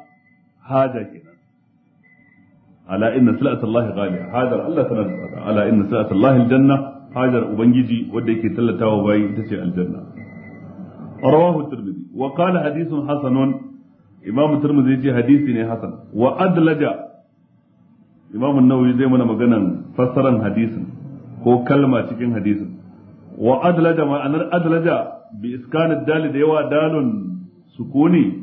حاجة على إن سلعة الله غالية هذا الله على إن سلعة الله الجنة hajar ubangiji wadda yake tallatawa bayi ita ce aljanna rawahu tirmidhi wa qala hadithun hasanun imam tirmidhi yace hadisi ne hasan wa adlaja imam an-nawawi zai mana maganan fassaran hadisin ko kalma cikin hadisin wa adlaja ma'anar adlaja bi iskanid dali da yawa dalun sukuni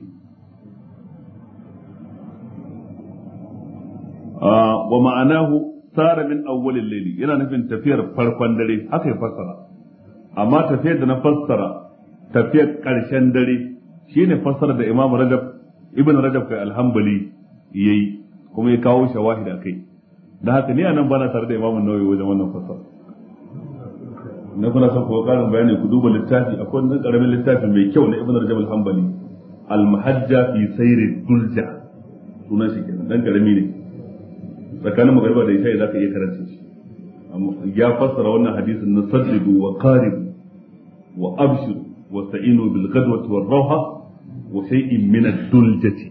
ah, wa ma'anahu sara min awwalil layli yana nufin tafiyar farkon dare haka ya fassara amma tafiyar da na fassara tafiyar karshen dare shine fassara da Imam Rajab Ibn Rajab kai alhambali yayi kuma ya kawo shawahida kai da haka ni anan bana tare da Imam Nawawi wajen wannan fassara na kuna son kuwa karin bayani ku duba littafi akwai wani karamin littafi mai kyau na Ibn Rajab Alhambali al-Muhajja fi Sayr dulja sunan shi kenan dan karami ne tsakanin magariba da isha'i ka iya karanta shi ya fassara wannan hadisin na sadidu wa qarib wa abshiru wa sa'inu bil ghadwati wa rawha wa shay'in min ad-duljati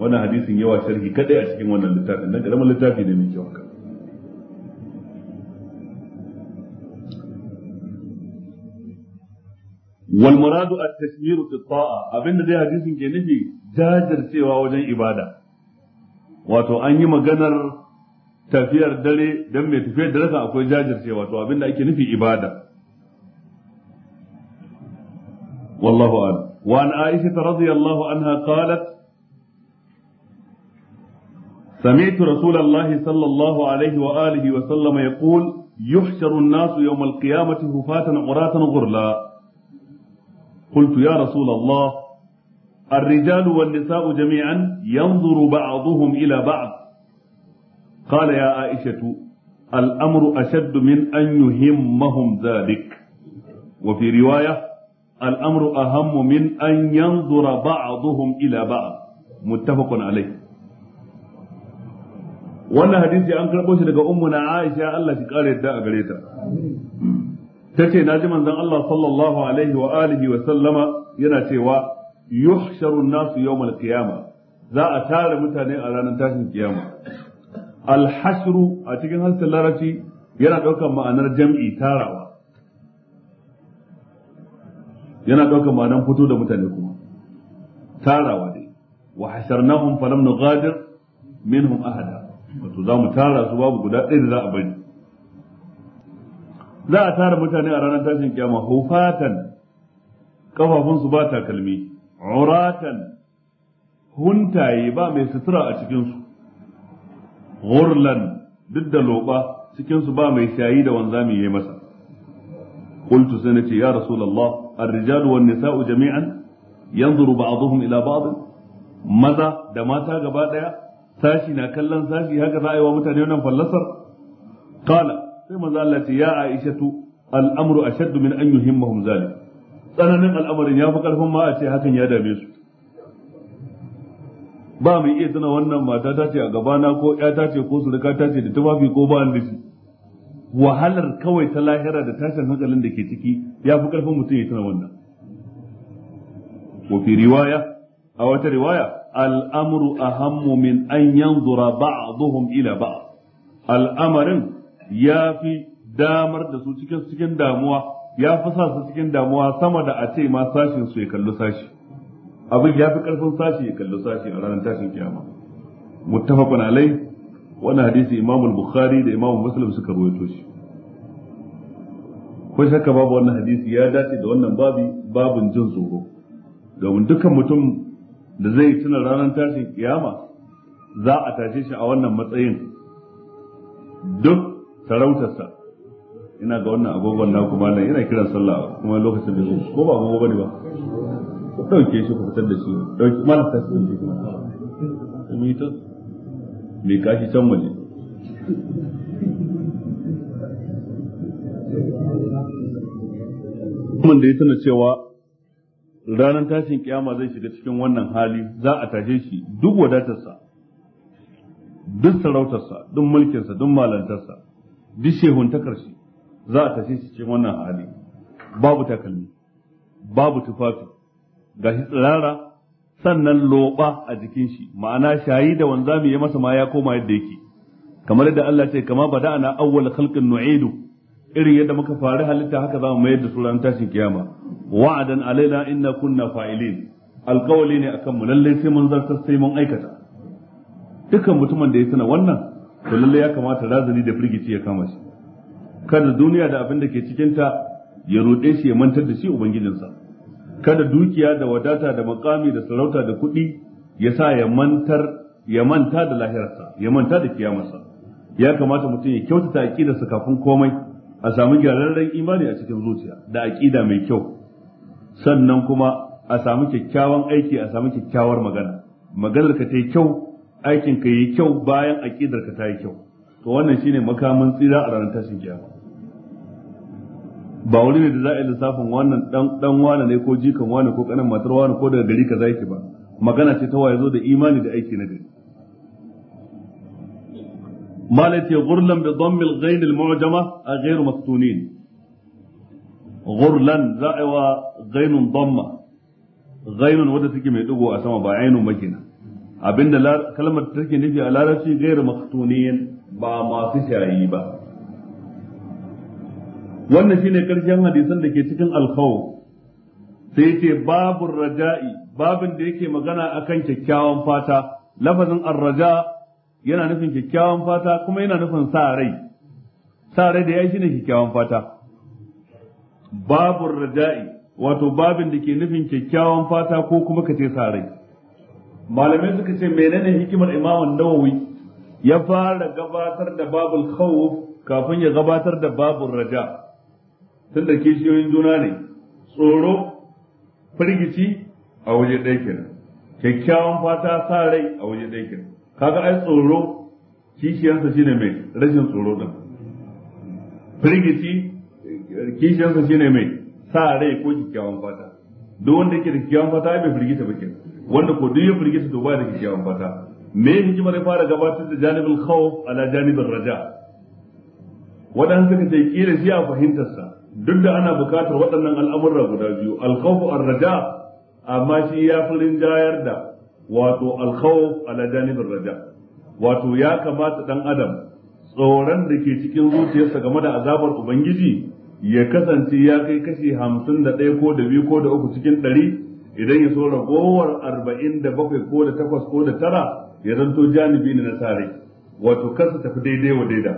wannan hadisin yawa sharhi kadai a cikin wannan littafin nan karamin littafi ne mai kyau haka والمراد التشمير في الطاعة أبن دي حديث كنفي جاجر سوى وجن إبادة wato an yi maganar tafiyar dare don mai tafiyar da rasa akwai jajirce wato abin da ake nufi ibada wallahu a'lam wa an aisha radiyallahu anha qalat سمعت رسول الله صلى الله عليه وآله وسلم يقول يحشر الناس يوم القيامة هفاة عراة غرلا قلت يا رسول الله الرجال والنساء جميعا ينظر بعضهم إلى بعض قال يا عائشة الأمر أشد من أن يهمهم ذلك وفي رواية الأمر أهم من أن ينظر بعضهم إلى بعض متفق عليه wannan hadisi an karɓo shi daga na Aisha Allah shi ƙara yadda a gare ta tace naji manzon Allah sallallahu alaihi wa alihi wa sallama yana cewa yuhsharu an-nasu yawm al-qiyama za a tara mutane a ranar tashin kiyama al-hashru a cikin harshen larabci yana daukar ma'anar jam'i tarawa yana daukar ma'anar fito da mutane kuma tarawa dai wa hasharnahum falam nughadir minhum ahada wato za mu tara su babu guda ɗaya da za a bari za a tara mutane a ranar tashin kiyama hufatan kafafunsu ba takalmi uratan huntaye ba mai sutura a cikinsu ghurlan duk da loba cikinsu ba mai shayi da wanzami yi masa qultu sai ce ya rasulallah a rijalu wan nisa'u jami'an yanzuru ba'dhum ila ba'd maza da mata gaba ɗaya. sashi na kallon sashi haka za a yi wa mutane wannan fallasar qala sai maza Allah ya aishatu al-amru ashaddu min an yuhimmahum zalik tsananin al'amarin ya fi karfin ma a ce hakan ya dame su ba mai iya tana wannan mata ta ce a gabana ko ya ta ce ko surika ta ce da tufafi ko ba da wahalar kawai ta lahira da tashin hankalin da ke ciki ya fi karfin mutum ya tana wannan wa riwaya a wata riwaya al'amuru a ahammu min an yanzura zuhun ila ba. al'amarin ya fi damar da su cikin cikin damuwa ya fi sa su cikin damuwa sama da a ce ma sashin su ya kalli sashi abin ya fi karfin sashi ya kalli sashi a ranar tashin kiyama muttafaqun alai wannan hadisi imam bukhari da imam muslim suka rawaito shi ko shakka babu wannan hadisi ya dace da wannan babi babin jin tsoro domin dukkan mutum da zai tuna ranar tashin kiyama za a tashe shi a wannan matsayin duk sarautarsa ina ga wannan agogon na kuma nan ina kiran sallah kuma lokacin da zai ko ba agogo bane ba ku dauke shi ku fitar da shi dauki mana ta shi ne kuma mu ta me kashi can waje kuma da ya tana cewa ranar tashin kiyama zai shiga cikin wannan hali za a tashe shi duk wadatarsa duk sarautarsa duk mulkinsa duk malantarsa duk shehuntakar shi za a tafi shi cikin wannan hali babu takalmi babu tufafi ga shi tsirara sannan loɓa a jikin shi ma'ana shayi da wanzami mai ya masa ma ya koma yadda yake kamar yadda Allah ce kama bada ana awwal khalqin nu'idu irin yadda muka fari halitta haka za mu mayar da su tashin kiyama wa'adan alaina inna kunna fa'ilin alƙawali ne akan mu lalle sai mun zartar sai mun aikata dukkan mutumin da ya tuna wannan to lalle ya kamata razani da firgici ya kama shi kada duniya da abin da ke cikinta ya ruɗe shi ya mantar da shi ubangijinsa kada dukiya da wadata da makami da sarauta da kuɗi ya sa ya mantar ya manta da lahirarsa ya manta da kiyamarsa ya kamata mutum ya kyautata aqidarsa kafin komai a samu gyararren imani a cikin zuciya da aqida mai kyau sannan kuma a samu kyakkyawan aiki a samu kyakkyawar magana maganar ka ta yi kyau aikin ka yi kyau bayan aqidar ka ta yi kyau to wannan shine makamin tsira a ranar tashin kiyama ba wuri ne da za a yi lissafin wannan dan dan wane ne ko jikan wane ko kanan matar wane ko daga gari kaza yake ba magana ce ta waye zo da imani da aiki na gari malati ghurlan bi dhamm al-ghain al-mu'jama ghayr maftunin ghurlan za a yi wa ghainun dhamma ghainun wanda take mai digo a sama ba ainun makina abinda kalmar take nufi a larabci ghayr maftunin ba masu shayi ba wannan shine karshen hadisan da ke cikin alkhaw sai ce babur raja'i babin da yake magana akan kyakkyawan fata lafazin arraja yana nufin kyakkyawan fata kuma yana nufin sa rai sa rai da yayi shine kyakkyawan fata babur raja'i wato babin da ke nufin kyakkyawan fata ko kuma ka ce sa rai malamai suka ce menene hikimar imamun nawawi ya fara gabatar da babul khawf kafin ya gabatar da babul raja' tun da kishiyoyin juna ne tsoro firgici a waje ɗaya kenan kyakkyawan fata sa rai a waje ɗaya kenan kaga ai tsoro kishiyansa shine mai rashin tsoro din firgici kishiyansa shine mai sa rai ko kyakkyawan fata duk wanda yake da kyakkyawan fata bai firgita ba kenan wanda ko duk ya firgita to ba da kyakkyawan fata me hikimar ya fara gabatar da janibul khawf ala janibul raja wadan suka ce kila shi a fahimtarsa duk da ana bukatar waɗannan al'amurra guda biyu alkhawfu ar-raja amma shi ya fi rinjayar da wato alkhawf ala janibir raja wato ya kamata ɗan adam tsoron da ke cikin zuciyarsa game da azabar ubangiji ya kasance ya kai kashi hamsin da ɗaya ko da biyu ko da uku cikin ɗari idan ya so ragowar arba'in da bakwai ko da takwas ko da tara ya zanto janibi ne na tare wato kansa tafi daidai wa daida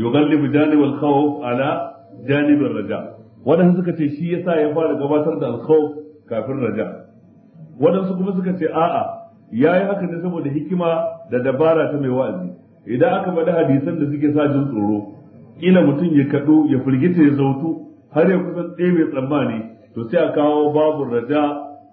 yugallibu janibal khawf ala janibin raja waɗansu suka ce shi yasa ya fara gabatar da alkhawf kafin raja waɗansu kuma suka ce a'a ya yi haka ne saboda hikima da dabara ta mai wa'azi idan aka faɗi hadisan da suke sa jin tsoro kila mutum ya kaɗu ya firgita ya zautu har ya kusan tsebe tsammani to sai a kawo babu raja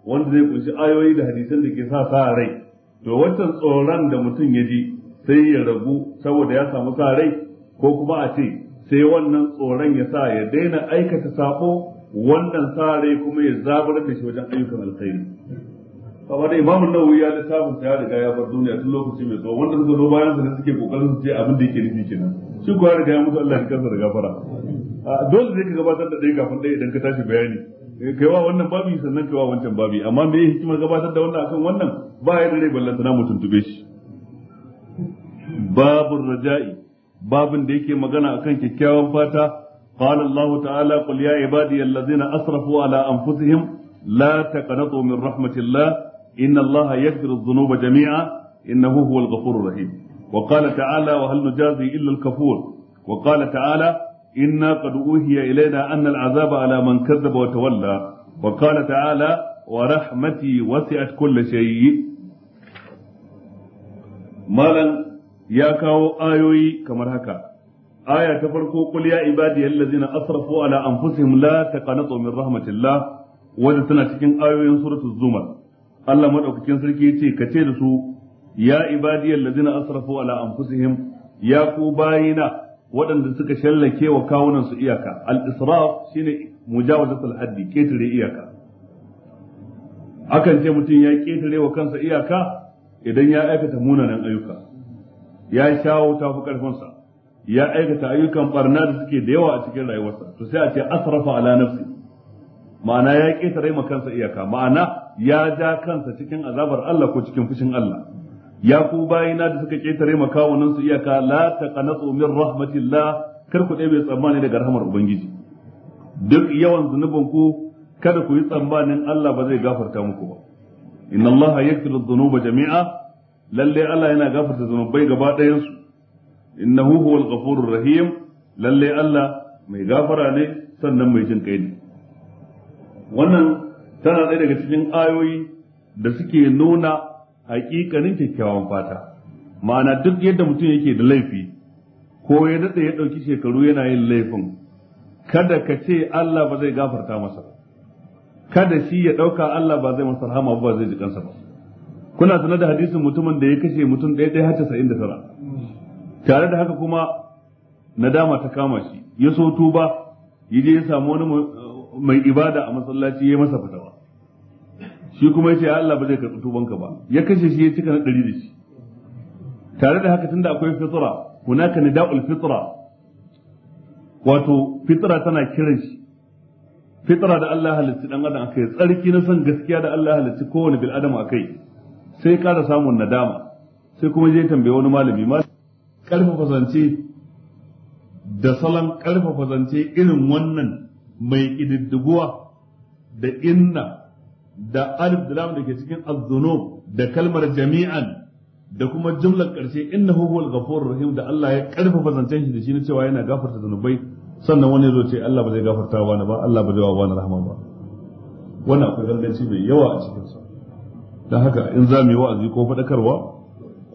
wanda zai kunshi ayoyi da hadisan da ke sa sa rai to wancan tsoron da mutum ya ji sai ya ragu saboda ya samu sa rai ko kuma a ce sai wannan tsoron ya sa ya daina aikata sako wannan sare kuma ya zabar da shi wajen ayyukan alkhairi amma da imamu nawawi ya lissafin ya riga ya bar duniya tun lokaci mai tsawo wanda suka zo bayan sa suke kokarin su ce abin da yake nufi kenan shi ko riga ya mutu Allah ya kansa da gafara dole sai ka gabatar da ɗaya kafin ɗaya idan ka tashi bayani eh, kaiwa wannan babi sannan kaiwa wancan babi amma me hikimar gabatar da wannan akan wannan ba ya da rai ballantana mu tuntube shi babur raja'i babin da yake magana akan kyakkyawan fata قال الله تعالى قل يا عبادي الذين أسرفوا على أنفسهم لا تقنطوا من رحمة الله إن الله يغفر الذنوب جميعا إنه هو الغفور الرحيم وقال تعالى وهل نجازي إلا الكفور وقال تعالى إنا قد أوهي إلينا أن العذاب على من كذب وتولى وقال تعالى ورحمتي وسعت كل شيء مالا ya kawo ayoyi kamar haka aya ta farko qul ya ibadiyal ladzina asrafu ala anfusihim la taqanatu min rahmatillah wanda tana cikin ayoyin suratul zumar Allah madaukakin sarki yace ka ce da su ya ibadiyal ladzina asrafu ala anfusihim ya ku bayina waɗanda suka shallake wa kawunan su iyaka al-israf shine mujawazatul haddi ketare iyaka akan ce mutum ya ketare wa kansa iyaka idan ya aikata munanan ayyuka ya shawo ta fi karfinsa ya aikata ayyukan barna da suke da yawa a cikin rayuwarsa to sai a ce asrafa ala nafsi ma'ana ya ƙetare ma kansa iyaka ma'ana ya ja kansa cikin azabar Allah ko cikin fushin Allah ya ku bayina da suka ƙetare ma kawunan su iyaka la taqnatu min rahmatillah kar ku ɗebe tsammani daga rahmar ubangiji duk yawan zunubin ku kada ku yi tsammanin Allah ba zai gafarta muku ba inna Allah yaghfiru dhunuba jami'a lalle Allah yana gafarta zunubai gaba ɗayansu. Inna innahu huwal ghafurur rahim lalle Allah mai gafara ne sannan mai jin kai ne wannan tana ɗaya daga cikin ayoyi da suke nuna hakikanin kyakkyawan fata ma'ana duk yadda mutum yake da laifi ko ya daɗe ya ɗauki shekaru yana yin laifin kada ka ce Allah ba zai gafarta masa kada shi ya ɗauka Allah ba zai masa rahama ba zai ji kansa ba kuna sanar da hadisin mutumin da ya kashe mutum ɗaya ɗaya har casa'in da tara tare da haka kuma nadama ta kama shi ya so tuba ya je ya samu wani mai ibada a masallaci ya masa fatawa shi kuma ya ce Allah ba zai karɓi tubanka ba ya kashe shi ya cika na ɗari da shi tare da haka tunda akwai fitra hunaka nida'ul fitra wato fitra tana kiran shi fitra da Allah halitta dan adam akai tsarki na san gaskiya da Allah halitta kowane bil adam akai sai ƙara samun nadama sai kuma je tambaye wani malami ma ƙarfafa zance da salon ƙarfafa zance irin wannan mai ƙididdiguwa da inna da alif da lam da ke cikin azzunub da kalmar jami'an da kuma jumlar ƙarshe innahu huwal ghafurur rahim da Allah ya ƙarfafa zancen shi da shi na cewa yana gafarta zanubai sannan wani zo ce Allah ba zai gafarta wa ba Allah ba zai wa wani rahama ba wannan akwai ganganci mai yawa a cikin sa don haka in za mu yi wa'azi ko faɗakarwa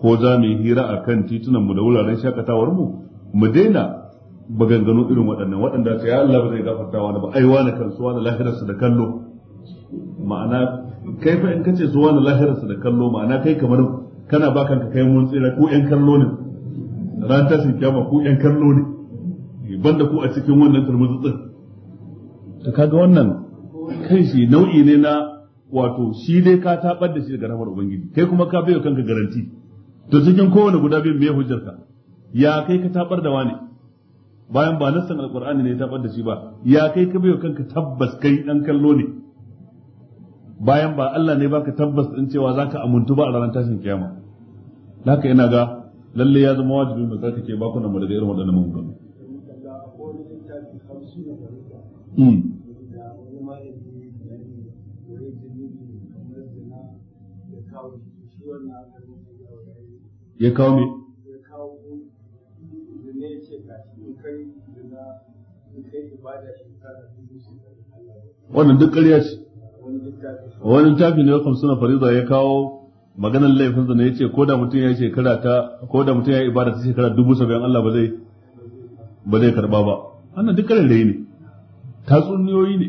ko za mu yi hira a kan titunanmu da wuraren shakatawarmu mu daina maganganu irin waɗannan waɗanda ta ya Allah ba zai gafarta wani ba ai wani kan suwa da lahirarsa da kallo ma'ana kai fa in ka ce suwa da lahirarsa da kallo ma'ana kai kamar kana ba kanka kai mun tsira ko ƴan kallo ne ran sun kyama ko ƴan kallo ne banda ku a cikin wannan turmuzi din to kaga wannan kai shi nau'i ne na wato shi dai ka tabar da shi daga rahmar ubangiji kai kuma ka baiwa kanka garanti to cikin kowane guda biyun me hujjarka ya kai ka tabar da wani bayan ba nassan alqur'ani ne ya tabar da shi ba ya kai ka baiwa kanka tabbas kai dan kallo ne bayan ba Allah ne baka tabbas din cewa zaka amuntu ba a ranar tashin kiyama haka ina ga lalle ya zama wajibi mu zaka ke bakuna mu daga irin waɗannan maganganu hmm. ya kawo me wannan duk ƙarya ce wani tafi ne wakam suna fariza ya kawo maganar laifin zana ya ce ko da mutum ya shekara ta ko da mutum ya ibada ta shekara dubu saba'in Allah ba zai ba zai karba ba wannan duk ƙarya ne tatsuniyoyi ne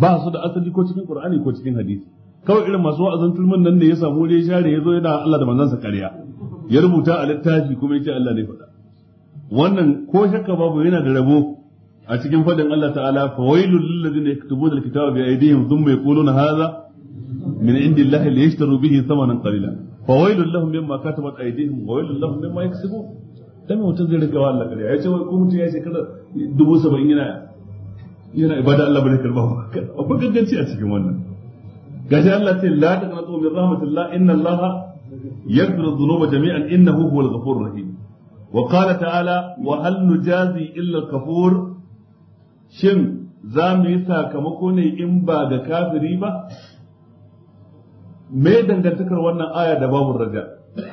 ba su da asali ko cikin ƙur'ani ko cikin hadisi kawai irin masu wa'azin tulmin nan ne ya samu wuri ya share ya zo yana Allah da manzansa ƙarya ya rubuta a littafi kuma ya ce Allah ne faɗa wannan ko shakka babu yana da rabo a cikin fadin Allah ta'ala fa wailul lil ladina yaktubuna alkitaba bi aydihim thumma yaquluna hadha min indillahi liyashtaru bihi thamanan qalila fa wailul lahum mimma katabat aydihim wa wailul lahum mimma dan mutum zai Allah ƙarya ya ce wai ko mutum ya shekara dubu yana yana ibada Allah bane karba ba a cikin wannan gashi Allah ce la taqnatu min rahmatillah inna Allah yaghfiru dhunuba jami'an innahu huwal ghafurur rahim wa qala ta'ala wa hal nujazi illa al-kafur shin za mu yi sakamako ne in ba ga kafiri ba me dangantakar wannan aya da babu raja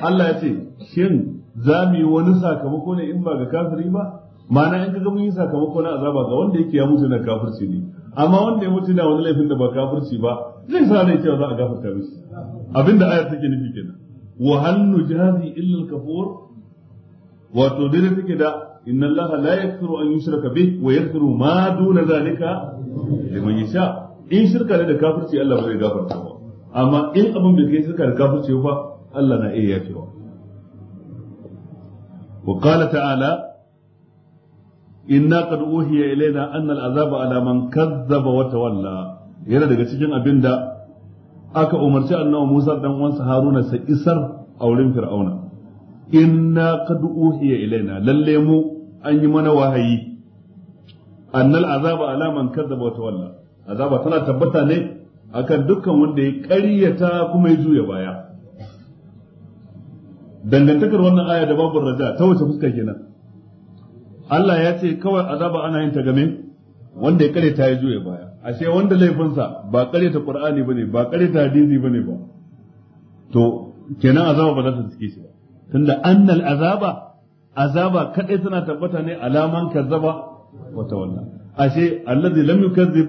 Allah ya ce shin za mu yi wani sakamako ne in ba ga kafiri ba ma'ana in ga mun yi sakamako na azaba ga wanda yake ya mutu na kafirci ne amma wanda ya mutu na wani laifin da ba kafirci ba zai sa rai cewa za a gafarta mishi abinda ayar take nufi kenan wa hannu nujazi illa al-kafur wato dai take da inna Allah la yaghfiru an yushraka bih wa yaghfiru ma duna zalika liman yasha in shirka ne da kafirci Allah bai gafarta ba amma in abin bai kai shirka da kafirci ba Allah na iya yafewa wa qala ta'ala إنا قد أوحي إلينا أن العذاب على من كذب وتولى yana daga cikin abin da aka umarci annawa Musa dan uwansa Haruna sa isar a wurin Fir'auna inna qad uhiya ilaina lalle mu an yi mana wahayi annal azaba ala man kadzaba wa tawalla azaba tana tabbata ne akan dukkan wanda ya ƙaryata kuma ya juya baya dangantakar wannan aya da babu raja ta wace fuska kenan Allah ya ce kawai azaba ana yin ta game wanda ya ƙaryata ya juya baya ashe wanda laifinsa ba karyata qur'ani bane ba karyata hadisi bane ba to kenan azaba ba za ta sike shi ba tunda annal azaba azaba kadai tana tabbata ne alaman kazzaba Wata tawalla ashe allazi lam yukazzib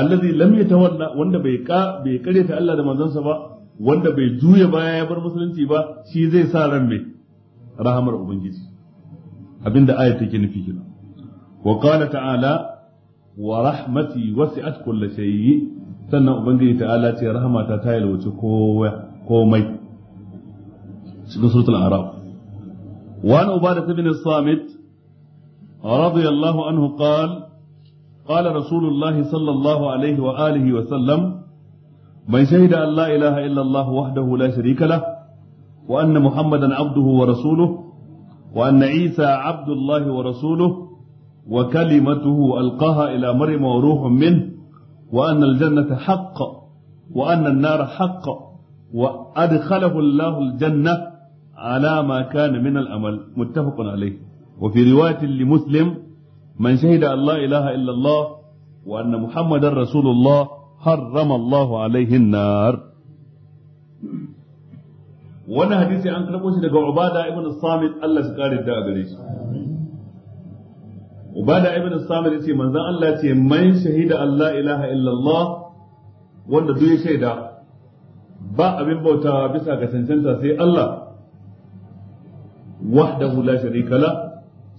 allazi lam yatawalla wanda bai ka bai karyata Allah da manzansa ba wanda bai juya baya ya bar musulunci ba shi zai sa ran mai rahamar ubangiji abinda ayat take nufi kenan wa qala ta'ala wa rahmati wasi'at kulli shay'i sannan ubangiji ta'ala ce rahmata ta yalwace kowa komai cikin suratul a'raf wa an ubada ibn samit radiyallahu anhu qala qala rasulullahi sallallahu alaihi wa alihi wa sallam من شهد أن لا إله إلا الله وحده لا شريك له وأن محمدا عبده ورسوله وأن عيسى عبد الله ورسوله وكلمته ألقاها إلى مريم وروح منه وأن الجنة حق وأن النار حق وأدخله الله الجنة على ما كان من الأمل متفق عليه وفي رواية لمسلم من شهد أن لا إله إلا الله وأن محمدا رسول الله حرم الله عليه النار وانا حديثي عن كربوش دقوا عبادة ابن الصامت الله سكاري الدعاء ubada ibn samir yace manzan Allah ce man shahida Allah ilaha illallah wanda duk ya shaida ba abin bauta bisa ga cancanta sai Allah wahdahu la sharika la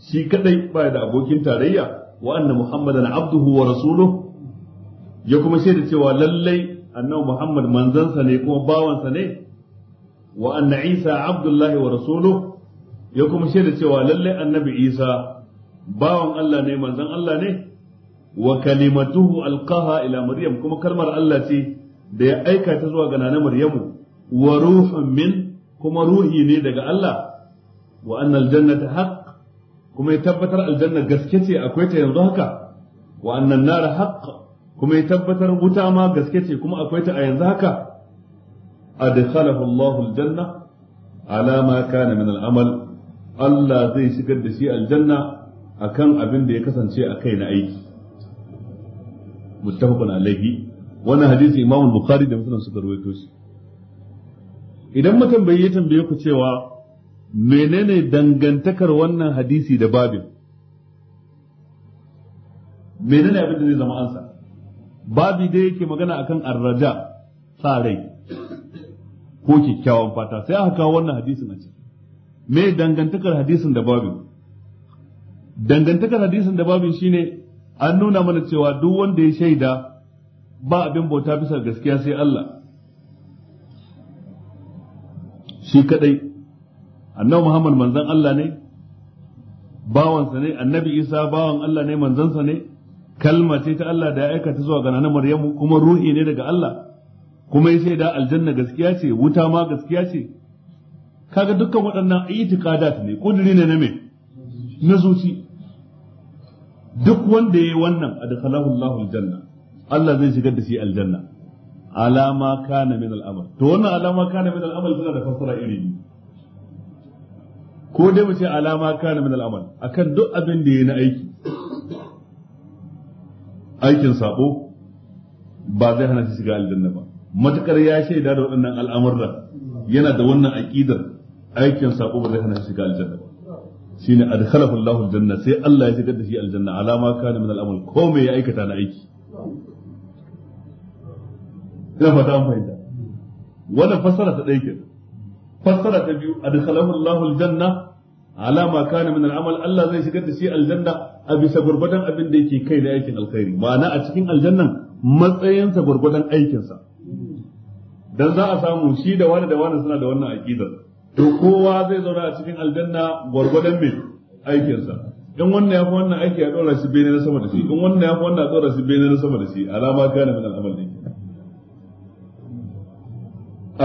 shi kadai ba da abokin tarayya wa anna muhammadan abduhu wa rasuluhu ya kuma shaida cewa lallai annabi muhammad manzansa ne kuma bawansa ne wa anna isa abdullahi wa rasuluhu ya kuma shaida lallai annabi isa bawan Allah ne manzon Allah ne wa kalimatuhu alqaha ila maryam kuma kalmar Allah ce da ya aika ta zuwa ga nana maryamu wa ruhun min kuma ruhi ne daga Allah wa annal jannata haqq kuma ya tabbatar aljanna gaske ce akwai ta yanzu haka wa annan nara haqq kuma ya tabbatar wuta ma gaske ce kuma akwai ta a yanzu haka adkhalahu Allahu aljanna ala ma kana min al'amal Allah zai shigar da shi aljanna akan abin da ya kasance a kai na aiki muttafaqun alaihi wannan hadisi Imam Bukhari da Muslim suka rawaito shi idan mutum bai yi tambaye ku cewa menene dangantakar wannan hadisi da babin menene abin da zai zama ansa babi dai yake magana akan arraja sa rai ko kyakkyawan fata sai aka kawo wannan hadisin a ciki me dangantakar hadisin da babin dangantakar hadisin da babin shine an nuna mana cewa duk wanda ya shaida ba abin bauta bisa gaskiya sai Allah shi kadai annabi Muhammad manzon Allah ne bawansa ne annabi Isa bawan Allah ne manzansa ne kalma ce ta Allah da ya aikata zuwa ga nanar Maryamu kuma ruhi ne daga Allah kuma ya shaida aljanna gaskiya ce wuta ma gaskiya ce kaga dukkan waɗannan itiqadat ne kudiri ne na me na zuci duk wanda yayi wannan adkhalahu Allahu aljanna Allah zai shigar da shi aljanna alama kana min al'amal to wannan alama kana min al'amal suna da fassara iri ne ko dai mu ce alama kana min al'amal akan duk abin da yayi na aiki aikin sabo ba zai hana shi shiga aljanna ba matukar ya shaida da waɗannan al'amuran yana da wannan aqidar aikin sabo ba zai hana shi shiga aljanna ba shine adkhalahu Allahu aljanna sai Allah ya shigar da shi aljanna alama kana min al'amal ko me ya aikata na aiki ina fata an fahimta wannan fassara ta ɗaya kenan fassara ta biyu adkhalahu Allahu aljanna alama kana min al'amal Allah zai shigar da shi aljanna a bisa gurbadan abin da yake kai na aikin alkhairi ma'ana a cikin aljannan matsayinsa gurbadan aikinsa dan za a samu shi da wani da wani suna da wannan aqidar to kowa zai zauna a cikin aljanna gwargwadon mai aikinsa in wannan ya fi wannan aiki a ɗora shi bene na sama da shi in wannan ya fi wannan a ɗora shi bene na sama da shi alama kana min al'amal ne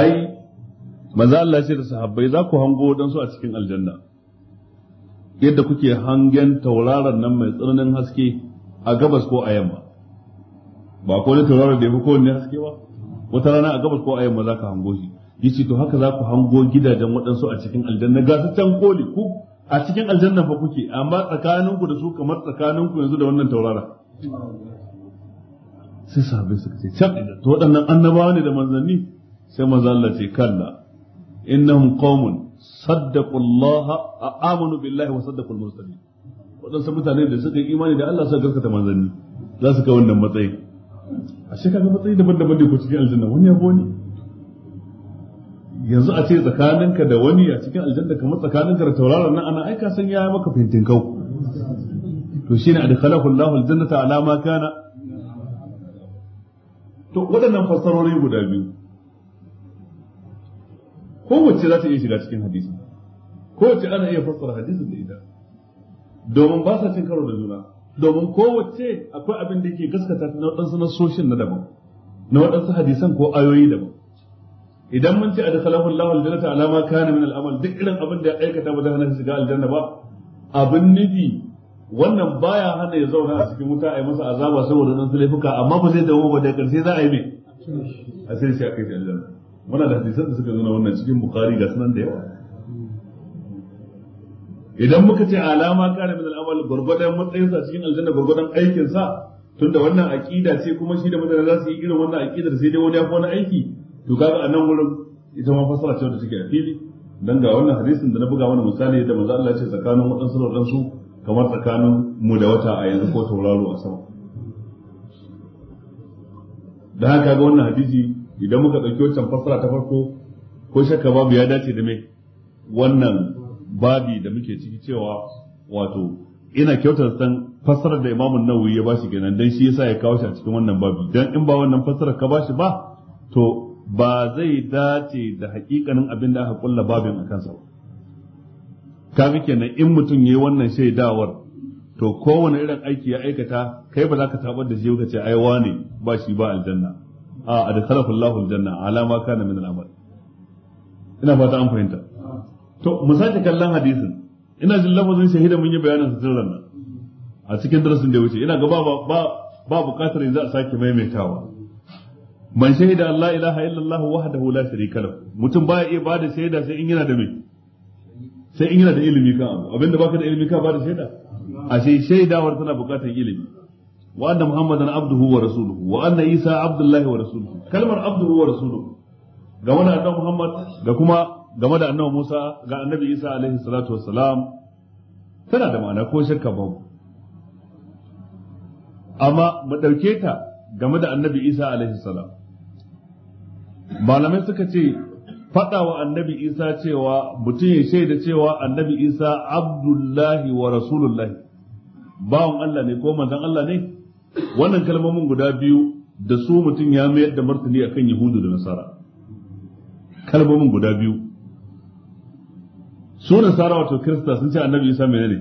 ai manzo Allah ce da sahabbai za ku hango dan su a cikin aljanna yadda kuke hangen tauraron nan mai tsananin haske a gabas ko a yamma ba ko ne tauraron da ya fi kowanne haske ba wata rana a gabas ko a yamma za ka hango shi yace to haka za ku hango gidajen waɗansu a cikin aljanna ga su can koli ku a cikin aljanna fa kuke amma tsakaninku da su kamar tsakaninku yanzu da wannan taurara sai sahabbai suka ce can idan to waɗannan annabawa ne da manzanni sai manzo Allah ce kalla innahum qaumun saddaqu Allah amanu billahi wa saddaqu al-mursalin waɗansu mutane da suka yi imani da Allah suka gaskata manzanni za su kai wannan matsayi a shekaru matsayi daban-daban ne ko cikin aljanna wani ya ne yanzu a ce tsakaninka da wani a cikin aljanna kamar tsakaninka da tauraron nan ana aika san ya maka kau. to shine adkhalahu Allahu aljannata ala ma kana to waɗannan fassarori guda biyu ko wacce za ta iya shiga cikin hadisi wacce ana iya fassara hadisin da ita domin ba sa cin karo da juna domin ko wacce akwai abin da yake gaskata na waɗansu nasoshin na daban na waɗansu hadisan ko ayoyi daban idan mun ce a dakhalahu Allahu aljannata ala ma kana min al'amal duk irin abin da ya aikata ba zai hana shi shiga aljanna ba abin nufi wannan baya hana ya zauna a cikin wuta a yi masa azaba saboda nan laifuka amma ba zai dawo ba da karshe za a yi mai a sai shi a kai aljanna muna da hadisan da suka zo wannan cikin bukhari ga sunan da yawa idan muka ce alama kana min al'amal gurgudan matsayinsa cikin aljanna gurgudan aikinsa tunda wannan aqida ce kuma shi da mutane za su yi irin wannan aqidar sai dai wani ya fi wani aiki to kaga a nan wurin ita ma fasara ce wadda take a fili dan ga wannan hadisin da na buga mana misali da manzo Allah ya ce tsakanin waɗansu da waɗansu kamar tsakanin mu da wata a yanzu ko tauraro a sama da haka ga wannan hadisi idan muka ɗauki wancan fasara ta farko ko shakka babu ya dace da me wannan babi da muke ciki cewa wato ina kyautar san fasara da imamun nawawi ya bashi kenan dan shi yasa ya kawo shi a cikin wannan babi dan in ba wannan fasarar ka bashi ba to ba zai dace da hakikanin abin da aka kulla babin a kansa ba. muke na in mutum yayi wannan shaidawar to kowane irin aiki ya aikata kai ba za ka tabar da shi ka ce ai wane ba shi ba aljanna a adkhalahu Allahu aljanna ala ma kana min al-amal ina fata an fahimta to mu sake kallon hadisin ina jin lafazin shahida mun yi bayanin sirran nan a cikin darasin da ya wuce ina ga ba ba bukatar yanzu a sake maimaitawa man shahida Allah ilaha illallah wahdahu la sharika lahu mutum baya iya bada shaida sai in yana da me. sai in yana da ilimi kan abu abinda baka da ilimi ka bada shaida ashe shaidawar tana bukatar ilimi wa anna muhammadan abduhu wa rasuluhu wa anna isa abdullahi wa rasuluhu kalmar abduhu wa rasuluhu ga wani annabi muhammad ga kuma game da annabi musa ga annabi isa alaihi salatu wassalam tana da ma'ana ko shakka babu amma mu dauke ta game da annabi isa alaihi salam malamai suka ce faɗa wa annabi isa cewa mutum ya shaida cewa annabi isa abdullahi wa rasulullahi bawan allah ne ko manzon allah ne wannan kalmomin guda biyu da su mutum ya mayar da martani akan yahudu da nasara kalmomin guda biyu su nasara wato kirista sun ce annabi isa mai ne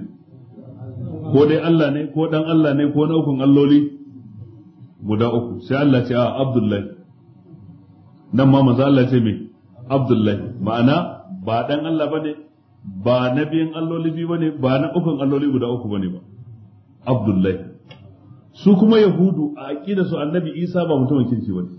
ko dai Allah ne ko dan Allah ne ko na ukun alloli guda uku sai Allah ce a Abdullahi nan ma manzo Allah ce me Abdullahi ma'ana ba dan Allah bane ba nabiyin alloli biyu bane ba na ukun alloli guda uku bane ba Abdullahi su kuma Yahudu a aqida su Annabi Isa ba mutumin kirki bane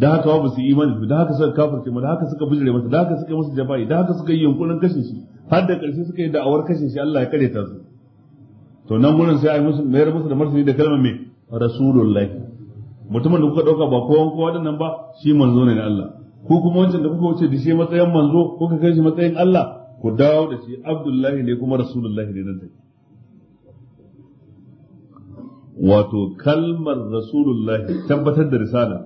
da haka ba su imani da haka suka kafirce mu da haka suka bijire masa da haka suka masa jaba'i da haka suka yi yunkurin kashe shi har da ƙarshe suka yi da'awar kashe shi Allah ya kare ta su to nan murin sai a yi musu mayar musu da martani da kalmar me rasulullahi mutumin da kuka dauka ba kowa kowa da nan ba shi manzo ne na Allah ko kuma wancan da kuka wuce da shi matsayin manzo kuka kai shi matsayin Allah ku dawo da shi Abdullahi ne kuma Rasulullahi ne nan take wato kalmar Rasulullahi tabbatar da risala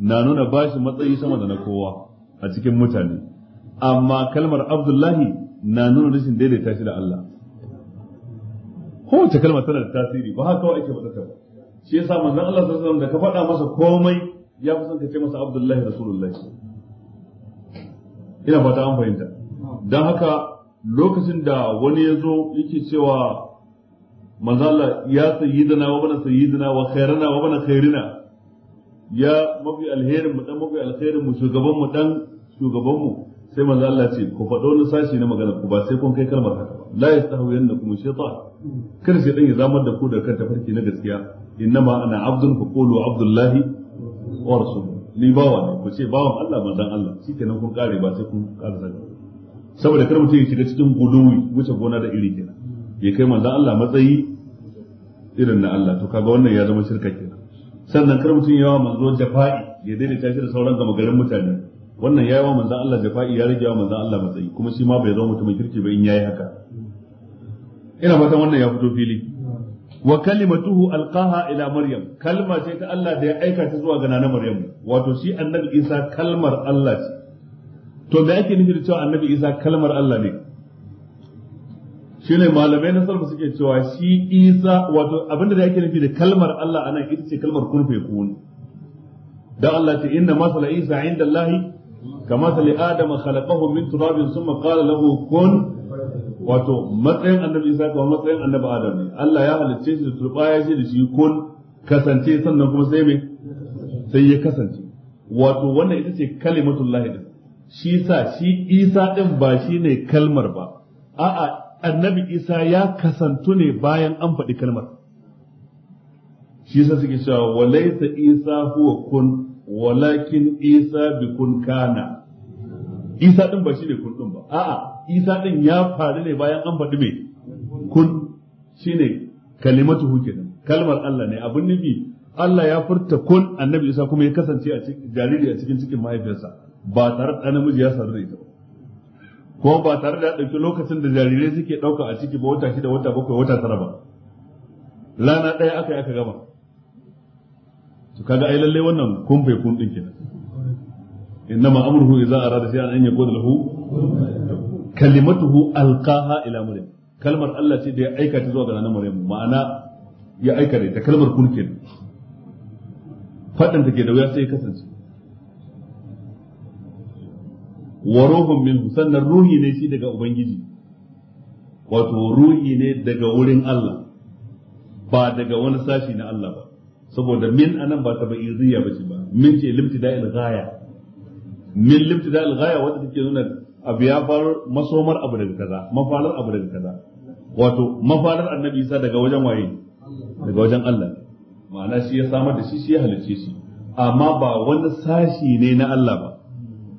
na nuna ba shi matsayi sama da na kowa a cikin mutane amma kalmar Abdullahi na nuna rashin daidaita shi da Allah kowace kalmar tana da tasiri ba haka kawai ake mata ba shi yasa manzon Allah sallallahu alaihi wasallam da ka faɗa masa komai ya fi son ka ce masa Abdullahi Rasulullahi ina fata an fahimta dan haka lokacin da wani ya zo yake cewa manzon Allah ya sayyidina wa bana sayyidina wa khairana wa bana khairina ya mafi alherin mu dan mafi alherin mu shugaban mu dan shugaban mu sai manzo Allah ce ku faɗo wani sashi na magana ku ba sai kun kai kalmar haka la yastahu yannakum shaytan kar shi dan ya zamar da ku da kanta tafarki na gaskiya innama ana abdun fa qulu abdullahi wa rasul ni bawa ne ku ce bawan Allah manzo Allah kenan kun kare ba sai kun kare zaka saboda kar mutum ya shiga cikin guduwi wuce gona da iri kenan ya kai manzo Allah matsayi irin na Allah to kaga wannan ya zama shirka kenan sannan kar mutum ya yawa manzo jafa'i ya daidaita shi da sauran gama garin mutane wannan ya yi wa manzan Allah jafa'i ya rage wa manzan Allah matsayi kuma shi ma bai zama mutumin kirki ba in ya yi haka ina fatan wannan ya fito fili wa kalimatuhu alqaha ila maryam kalma ce ta Allah da ya aika ta zuwa ga nana maryam wato shi annabi isa kalmar Allah ce to me ake nufi da cewa annabi isa kalmar Allah ne shine malamai na salma suke cewa shi isa wato abinda da yake nufi da kalmar Allah anan ita ce kalmar kun fe kun dan Allah ce inna masala isa inda Allah kama sali adama khalaqahu min turabin thumma qala lahu kun wato matsayin annabi isa kuma matsayin annabi adam ne Allah ya halicce shi da turba ya shi da shi kun kasance sannan kuma sai me sai ya kasance wato wannan ita ce kalimatullahi din shi sa shi isa din ba shi ne kalmar ba a'a annabi isa ya kasantu ne bayan an faɗi kalmar shi sa suke cewa walaysa isa huwa kun walakin isa bi kun kana isa din ba shine kun din ba a'a isa din ya faru ne bayan an faɗi me kun shine kalimatu nan. kalmar Allah ne abin nufi Allah ya furta kun annabi isa kuma ya kasance a cikin jariri a cikin cikin mahaifiyarsa ba tare da namiji ya sadu da ita ba ko ba tare da ɗauki lokacin da jarirai suke ɗauka a ciki ba wata shida wata bakwai wata tara ba rana ɗaya aka yi aka gama to kaga ai lalle wannan kun bai kun din kenan innama amruhu idza arada shay'an an yaqul lahu kalimatuhu alqaha ila maryam kalmar Allah ce da ya aika ta zuwa ga nan maryam ma'ana ya aika da ta kalmar kun kenan fadin take da wuya sai ya kasance wa ruhun minhu sannan ruhi ne shi daga ubangiji wato ruhi ne daga wurin Allah ba daga wani sashi na Allah ba saboda min anan ba ta tabi'iyya bace ba ce ba, min ce limtida'il gaya. min limtida'il gaya wanda take nuna abu ya faru masomar abu daga kaza mafalar abu daga kaza wato mafalar annabi isa daga wajen waye daga wajen Allah ma'ana shi ya samar da shi shi ya halice shi amma ba wani sashi ne na Allah ba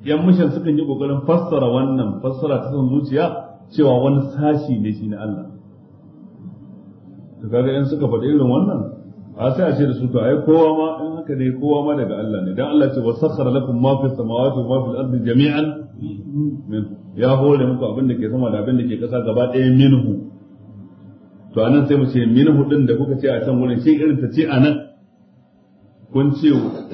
yan mushan sukan yi kokarin fassara wannan fassara ta san zuciya cewa wani sashi ne shi na Allah to kaga in suka faɗi irin wannan a sai a ce da su to ai kowa ma in haka ne kowa ma daga Allah ne dan Allah ce wa sakhara lakum ma fi samawati wa ma fil ardi jami'an ya hore muku abin da ke sama da abin da ke kasa gaba ɗaya minhu to anan sai mu ce minhu din da kuka ce a can wurin shi irin ta ce anan kun ce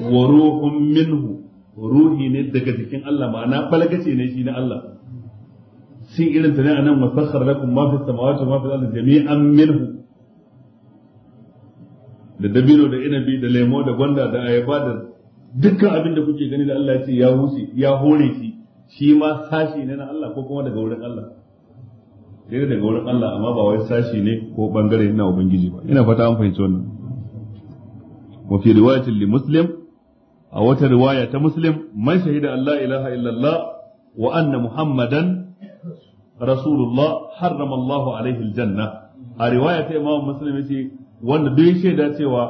wa ruhun minhu ruhi ne daga jikin Allah ma'ana balagace ne shi na Allah shin irin ta ne anan wa sakhara lakum ma fi samawati wa ma fil ardi jami'an minhu da dabino da inabi da lemo da gwanda da ayaba da dukkan abin da kuke gani da Allah ya ce ya huce ya hore shi shi ma sashi ne na Allah ko kuma daga wurin Allah dai daga wurin Allah amma ba wai sashi ne ko bangare na ubangiji ba ina fata an fahimci wannan wa fi riwayatin li muslim a wata riwaya ta muslim man shahida Allah ilaha illallah wa anna muhammadan rasulullah harrama Allah alaihi aljanna a riwaya ta imam muslim yace wanda duk shaida cewa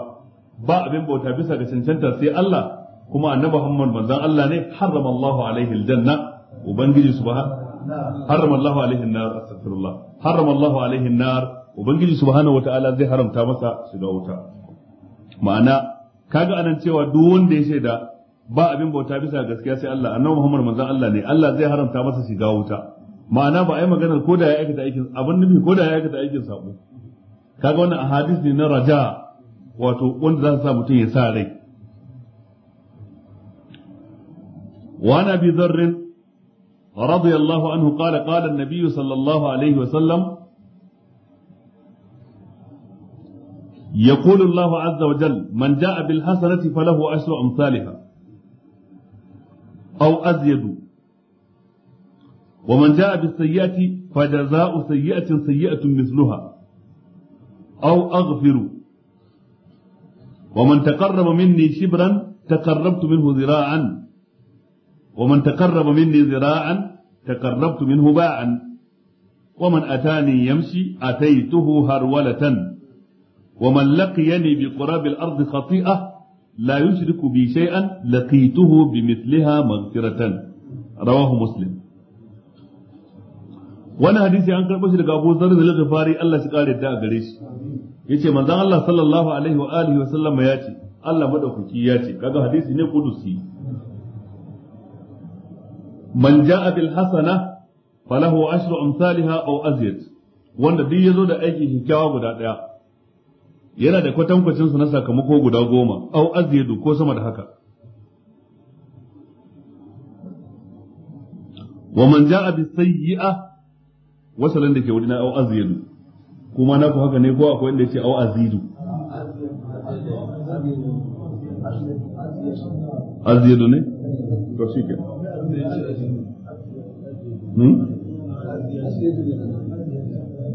ba abin bauta bisa ga cancanta sai Allah kuma annabi Muhammad manzon Allah ne harrama Allahu alaihi aljanna ubangiji subhanahu harrama Allahu alaihi annar astaghfirullah harrama Allahu alaihi an ubangiji subhanahu wataala zai haramta masa shiga wuta ma'ana kaga anan cewa duk wanda ya shaida ba abin bauta bisa gaskiya sai Allah annabi Muhammad manzon Allah ne Allah zai haramta masa shiga wuta ma'ana ba a yi maganar ko da ya aikata aikin abin nufi ko da ya aikata aikin sabo kaga wannan ahadis ne na raja wato wanda za su sa mutum ya sa rai wa na bi zarrin radiyallahu anhu qala qala an sallallahu alaihi wa sallam يقول الله عز وجل من جاء بالحسنة فله عشر أمثالها أو أزيد ومن جاء بالسيئة فجزاء سيئة سيئة مثلها أو أغفر ومن تقرب مني شبرا تقربت منه ذراعا ومن تقرب مني ذراعا تقربت منه باعا ومن أتاني يمشي أتيته هرولة ومن لقيني بقراب الأرض خطيئة لا يشرك بي شيئا لقيته بمثلها مغفرة رواه مسلم wani hadisi an karɓo shi daga Abu da al fari, Allah shi kare da gare shi Ya ce manzan Allah sallallahu alaihi wa alihi wa sallam ya ce Allah madaukaki ya ce kaga hadisi ne kudusi man jaa bil hasana falahu ashru amsalha aw azyad wanda duk yazo da aiki kyakkyawa guda daya yana da kwatankwacin sa na sakamako guda goma aw azyadu ko sama da haka wa man jaa bis sayyi'ah wasalan da ke na au azidu kuma na ku haka ne ko akwai wanda yace au azidu azidu ne to shi ke hmm?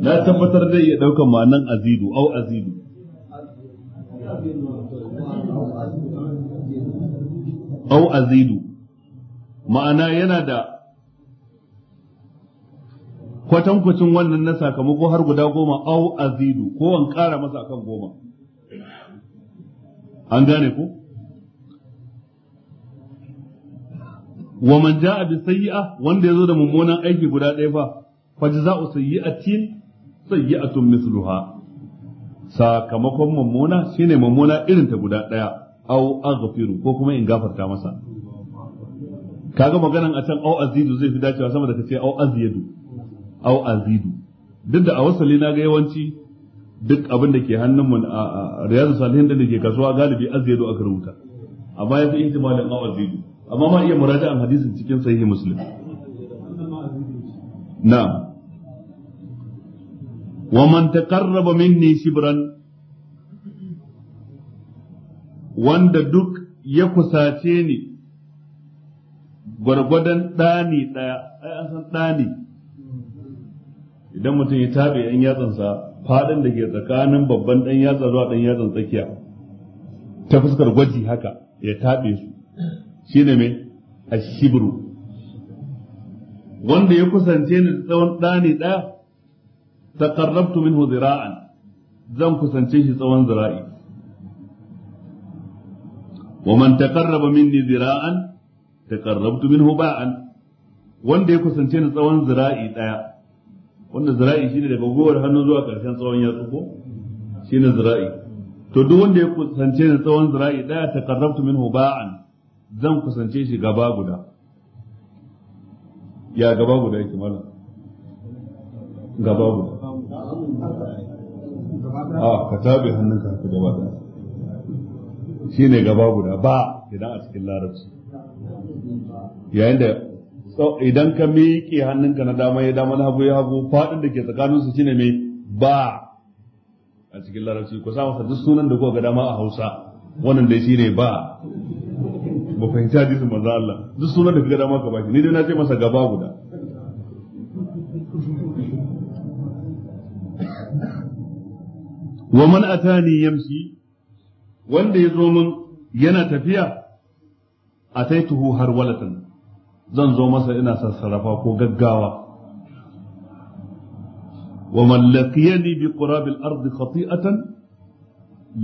na tabbatar da ya ɗaukar ma'anan azidu au azidu au azidu ma'ana yana da kwatankwacin wannan na sakamako har guda goma au azidu ko an kara masa akan goma an gane ku wa man jaa bi sayyi'a wanda yazo da mummunan aiki guda ɗaya fa fajza'u sayyi'atin sayyi'atun misluha sakamakon mummuna shine mummuna irin ta guda ɗaya au aghfiru ko kuma in gafarta masa kaga maganan a can au azidu zai fi dacewa sama da kace au aziyadu Au azidu duk da a wasali na ga yawanci duk abin da ke hannun mu a riyadu salihin da ke kasuwa galibi azidu aka rubuta amma yafi ihtimalin au azidu amma ma iya muraja'an hadisin cikin sahihi muslim na'am man taqarraba minni shibran wanda duk ya kusace ni gwargwadon ɗani ɗaya ai an san ɗani idan mutum ya tabe 'yan yatsansa faɗin da ke tsakanin babban ɗan yatsa zuwa ɗan yatsan tsakiya ta fuskar gwaji haka ya tabe su shine mai ashibru wanda ya kusance ni tsawon ɗani ɗaya taqarrabtu minhu zira'an zan kusance shi tsawon zira'i wa man taqarraba minni zira'an taqarrabtu minhu ba'an wanda ya kusance ni tsawon zira'i ɗaya wanda zira'i shine daga gowar hannu zuwa karshen tsawon yatsu ko shine zira'i to duk wanda ya kusance ni tsawon zira'i daya taqarrabtu minhu ba'an zan kusance shi gaba guda ya gaba guda yake mala gaba guda a ka tabe hannun ka gaba da shine gaba guda ba idan a cikin larabci yayin da idan ka miƙe hannunka na dama ya dama na hagu ya hagu faɗin da ke tsakanin su shine mai ba a cikin larabci ku sa masa duk sunan da kuka ga dama a Hausa wannan dai shine ba ba fahimci hadisin manzo Allah duk sunan da ga dama ka bashi ni dai na ce masa gaba guda wa man atani yamshi wanda ya zo min yana tafiya ataituhu har walatan zan zo masa ina sassarafa ko gaggawa wa man laqiyani bi qurab al-ard khati'atan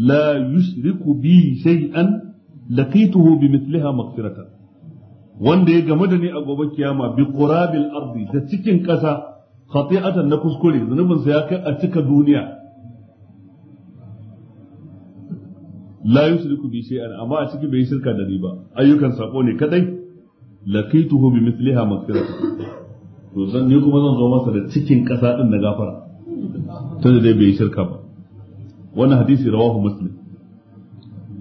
la yushriku bi shay'an laqituhu bi mithliha maghfiratan wanda ya game da ni a gobe kiyama bi qurab al da cikin a khati'atan na kuskure zunubinsa ya kai a cika duniya la yushriku bi amma a ciki bai shirka da ba ayyukan saƙo ne kadai lakaituhu bi mithliha maghfirata to zan ni kuma zan zo masa da cikin kasa din na gafara tunda dai bai shirka ba wannan hadisi rawahu muslim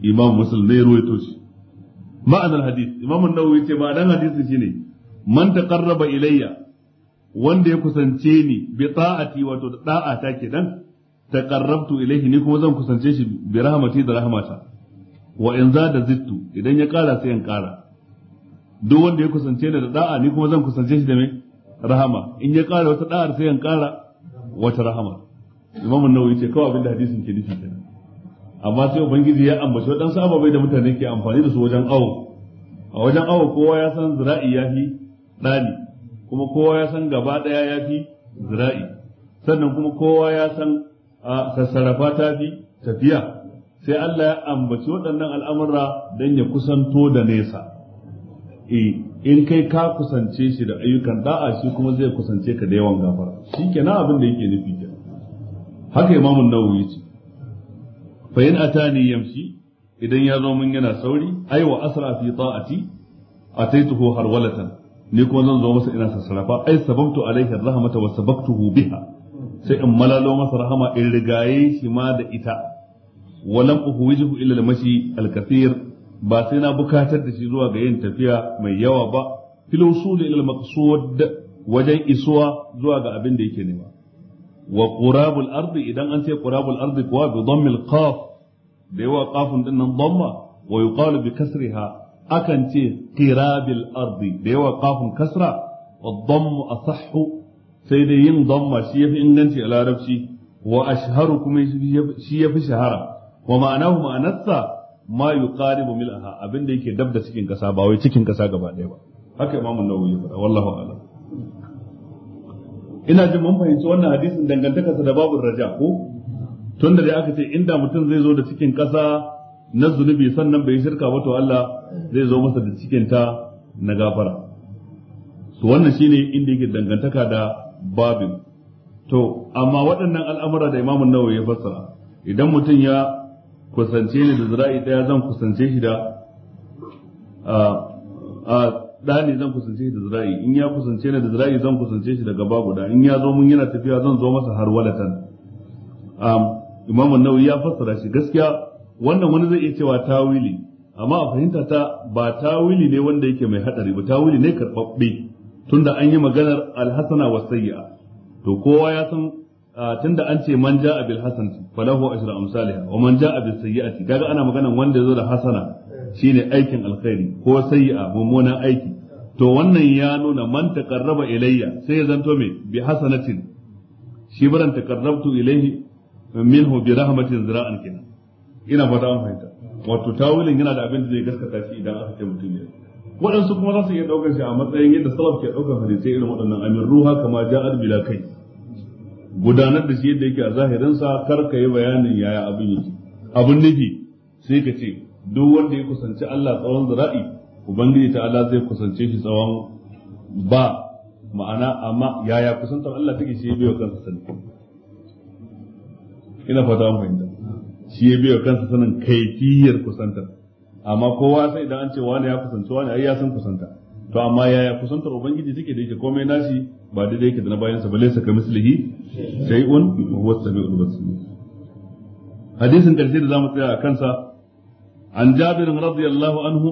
imam muslim ne ruwaito shi ma'ana hadisi imam an-nawawi ce dan hadisi shine man taqarraba ilayya wanda ya kusance ni bi ta'ati wato da da'a ta kenan taqarrabtu ilayhi ni kuma zan kusance shi bi rahmati da rahmata wa in zada zittu idan ya kara sai in kara duk wanda ya kusance da da'a ni kuma zan kusance shi da mai rahama in ya kara wata da'ar sai ya kara wata rahama imam an-nawawi ce kawai abinda hadisin ke nufi kenan amma sai ubangiji ya ambaci waɗansu ababai da mutane ke amfani da su wajen awo a wajen awo kowa ya san zira'i ya fi kuma kowa ya san gaba ɗaya ya zira'i sannan kuma kowa ya san sassarafa ta fi tafiya sai Allah ya ambaci waɗannan al'amurra don ya kusanto da nesa eh in kai ka kusance shi da ayyukan da'a shi kuma zai kusance ka da yawan gafara na abin da yake nufi kenan haka imamun nawawi ce fa in atani yamshi idan ya zo mun yana sauri ai wa asra fi ta'ati ataituhu harwalatan ni kuma zan zo masa ina sassarafa ai sababtu alaihi rahmata wa sababtuhu biha sai in malalo masa rahama in rigaye shi ma da ita walam uhwijuhu illa al-mashi al-kathir ba sai na bukatar da shi zuwa ga yin tafiya mai yawa ba fil usul ila maqsud wajen isuwa zuwa ga abin da yake nema wa qurabul ardi idan an ce qurabul ardi kuwa bi dhammil qaf da yawa qafun din nan dhamma wa yuqalu bi kasriha akan ce qirabil ardi da yawa qafun kasra wa dhammu asahhu sai dai yin dhamma shi yafi inganci a larabci wa ashharu kuma shi yafi shahara wa ma'anahu ma'anarsa ma yuqaribu mil'aha abin da yake dab da cikin kasa ba wai cikin kasa gaba ɗaya ba haka imamu nawawi ya faɗa wallahu a'lam ina jin mun fahimci wannan hadisin dangantaka sa da babun raja ko tunda dai aka ce inda mutum zai zo da cikin kasa na zunubi sannan bai shirka ba to Allah zai zo masa da cikin ta na gafara to wannan shine inda yake dangantaka da babin to amma waɗannan al'amura da imamu nawawi ya fassara idan mutum ya kusance ni da zira'i daya zan kusance shi da a ɗani zan kusance shi da zira'i in ya kusance ni da zira'i zan kusance shi da gaba guda in ya zo mun yana tafiya zan zo masa har walatan imamu nawawi ya fassara shi gaskiya wannan wani zai iya cewa tawili amma a fahimta ta ba tawili ne wanda yake mai hadari ba tawili ne karɓaɓɓe tunda an yi maganar alhasana wa sayya to kowa ya san Ah, tunda an ce man ja bil hasanati falahu ashru amsalha wa man ja'a bis sayyi'ati kaga ana magana wanda yazo da hasana shine aikin alkhairi ko sayyi'a mummunan aiki to wannan ya nuna man taqarraba ilayya sai ya zanto me bi hasanatin shi baran taqarrabtu ilayhi minhu bi rahmatin zira'an kina. ina fata an fahimta wato tawilin yana da abin da zai gaskata shi idan aka ce mutum ya waɗansu kuma za su iya ɗaukar shi a matsayin yadda salaf ke ɗaukar hadisai irin waɗannan amin ruha kama ja'ar bila kai gudanar da shi yadda yake a zahirinsa kar ka yi bayanin yaya abin yake abin nufi sai ka ce duk wanda ya kusanci Allah tsawon zira'i ubangiji ta Allah zai kusance shi tsawon ba ma'ana amma yaya kusantar Allah take shi ya biyo kansa sani ina fata an fahimta shi ya biyo kansa sanin kaifiyar kusantar amma kowa sai idan an ce wani ya kusanci wani ai ya san kusanta to amma yaya kusantar ubangiji take da yake komai nashi ba da yake da na bayansa ba laysa ka mislihi shay'un huwa as-sami'ul basir hadisin karshe da zamu tsaya a kansa an jabir radiyallahu anhu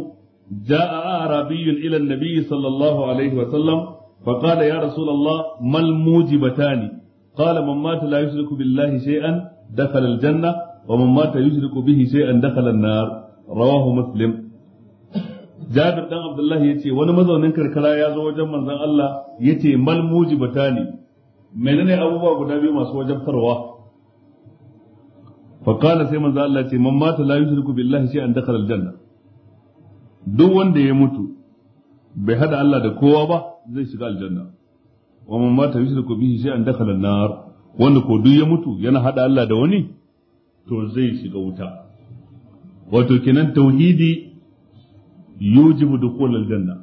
جاء أعرابي إلى النبي صلى الله عليه وسلم فقال يا رسول الله ما الموجبتان قال من مات لا يشرك بالله شيئا دخل الجنة ومن مات يشرك به شيئا an النار رواه muslim. jabir dan abdullah yace wani mazaunin karkara ya zo wajen manzon Allah yace mal ne menene abubuwa guda biyu masu farwa fa kana sai manzon Allah yace man mata la yushriku billahi shay'an dakhala aljanna duk wanda ya mutu bai hada Allah da kowa ba zai shiga aljanna wa man mata yushriku bihi shay'an dakhala an-nar wanda ko duk ya mutu yana hada Allah da wani to zai shiga wuta wato kenan tauhidi yujibu dukhul aljanna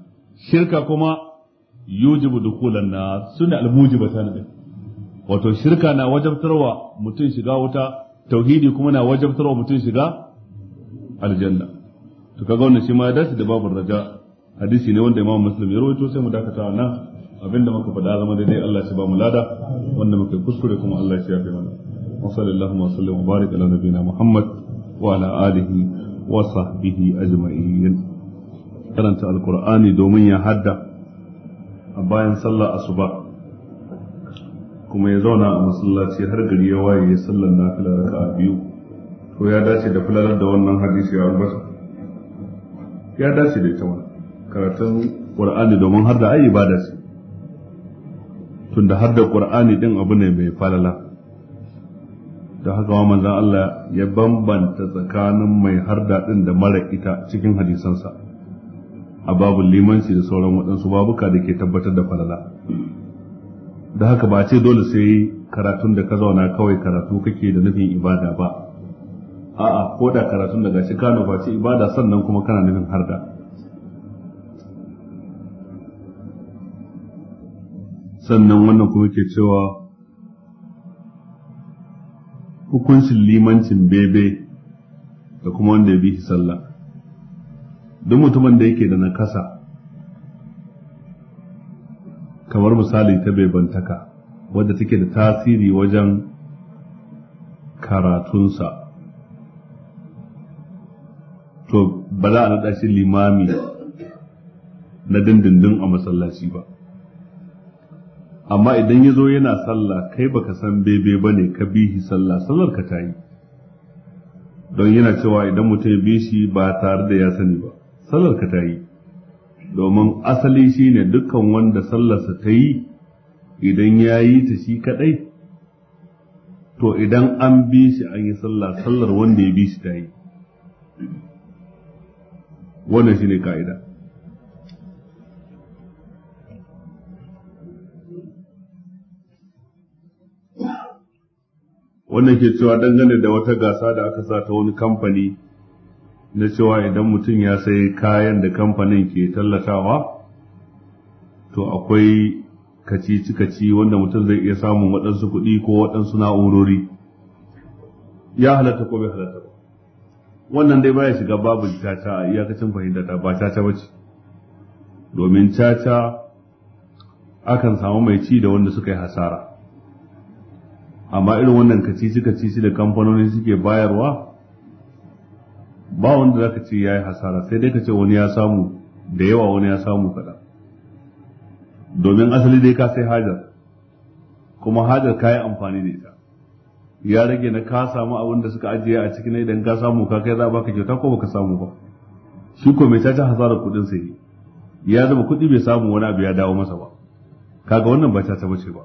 shirka kuma yujibu dukhul annar sunna almujibatan din wato shirka na wajabtarwa mutum shiga wuta tauhidi kuma na wajabtarwa mutum shiga aljanna to kaga wannan shi ma ya dace da babu raja hadisi ne wanda imam muslim ya rawaito sai mu dakata nan abinda muka faɗa zama daidai Allah shi ba mu lada wanda muka kuskure kuma Allah shi ya fi mana wa sallallahu wa sallam wa barik ala nabiyina muhammad wa ala alihi wa sahbihi ajma'in karanta alkur'ani domin ya hadda a bayan sallar asuba kuma ya zauna a masallaci har gari ya waye ya sallar nafila raka'a biyu to ya dace da fulalar da wannan hadisi ya albasa ya dace da ita karatun qur'ani domin har da ayi ibada ce tunda har da qur'ani din abu ne mai falala da haka wa manzon Allah ya bambanta tsakanin mai harda din da mara ita cikin hadisansa a babul limanci da sauran waɗansu babuka da ke tabbatar da falala da haka ba ce dole sai karatun da ka zauna kawai karatu kake da nufin ibada ba a'a ko da karatun da gashi ba ce ibada sannan kuma kana nufin harda sannan wannan kuma ke cewa hukuncin limancin bebe da kuma wanda ya bi shi sallah duk mutumin da yake da nakasa kamar misali ta bebantaka wadda take da tasiri wajen karatunsa to ba za a naɗa shi limami na dindindin a masallaci ba amma idan ya zo yana sallah kai baka san bebe ba ne ka bihi sallah sallar ka ta yi don yana cewa idan mutum ya bi shi ba tare da ya sani ba sallar ka ta yi domin asali shine dukkan wanda sallarsa ta yi idan ya yi ta shi kadai to idan an bi shi an yi sallah sallar wanda ya bi shi ta yi wannan shine ka'ida wannan ke cewa dangane da wata gasa da aka sa ta wani kamfani na cewa idan mutum ya sai kayan da kamfanin ke tallatawa to akwai kacici-kaci wanda mutum zai iya samun waɗansu kuɗi ko waɗansu na'urori ya halatta ko bai halatta ba wannan dai baya shiga babu caca a iyakacin fahimtata ba caca ba ce domin caca akan samu mai ci da wanda suka yi hasara amma irin wannan kacici-kacici da kamfanoni suke bayarwa ba wanda zaka ce yayi hasara sai dai ka ce wani ya samu da yawa wani ya samu kada domin asali dai ka sai hajar kuma hajar ka yi amfani da ita ya rage na ka samu abin da suka ajiye a cikin idan ka samu ka kai za a baka kyauta ko baka samu ba shi ko mai caca hasarar kuɗin sai ya zama kuɗi bai samu wani abu ya dawo masa ba kaga wannan ba caca bace ba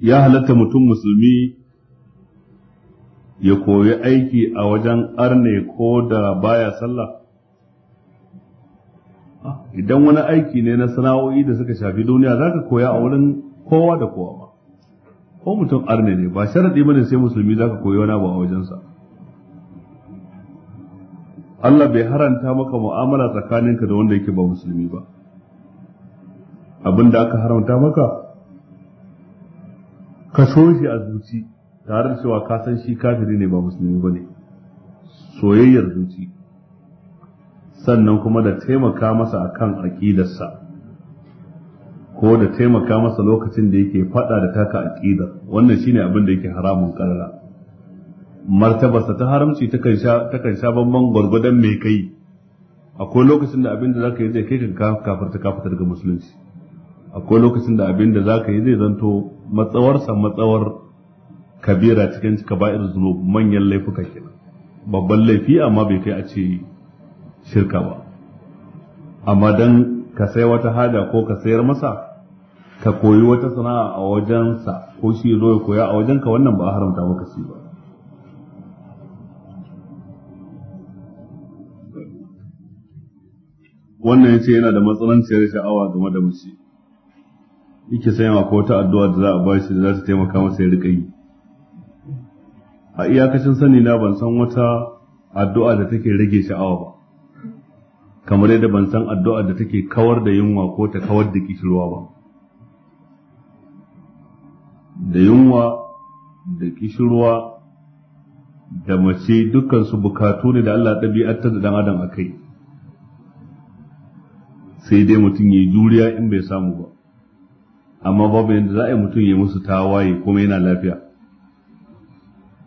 ya halatta mutum musulmi ya koyi aiki a wajen arne ko da baya sallah idan wani aiki ne na sana'o'i da suka shafi duniya za ka koya a wurin kowa da kowa ba ko mutum arne ne ba sharaɗi bane sai musulmi za ka koyi wani abu a wajensa Allah bai haranta maka mu'amala tsakaninka da wanda yake ba musulmi ba abin da aka haramta maka ka so shi a zuci tare da cewa ka san shi kafiri ne ba musulmi ba ne soyayyar zuci sannan kuma da taimaka masa a kan aƙidarsa ko da taimaka masa lokacin da yake faɗa da taka aƙidar wannan shine abin da yake haramun karara martabarsa ta haramci ta kan sha bamban gwargwadon mai kai akwai lokacin da abin da za ka yi zai kai ka kafarta kafarta daga musulunci akwai lokacin da abin da za ka yi zai zanto matsawarsa matsawar kabira cikin ba'ir zunub manyan laifuka kenan babban laifi amma bai kai a ce shirka ba amma don ka sai wata haja ko ka sayar masa ka koyi wata sana'a a wajensa ko shi zo ya koya a wajenka wannan ba a haramta maka shi ba wannan yace yana da matsalanciyar sha'awa game da mace yake sayan ko wata addu'a da za a ba shi da za ta taimaka masa ya rika yi a iyakacin sani na ban san wata addu'a da take rage sha'awa ba kamar yadda ban san addu'a da take kawar da yunwa ko ta kawar da kishirwa ba da yunwa da kishirwa da mace dukkan su bukatu ne da Allah ɗabi'atar da dan adam a kai sai dai mutum ya yi juriya in bai samu ba amma babu yadda za a yi mutum ya musu tawaye kuma yana lafiya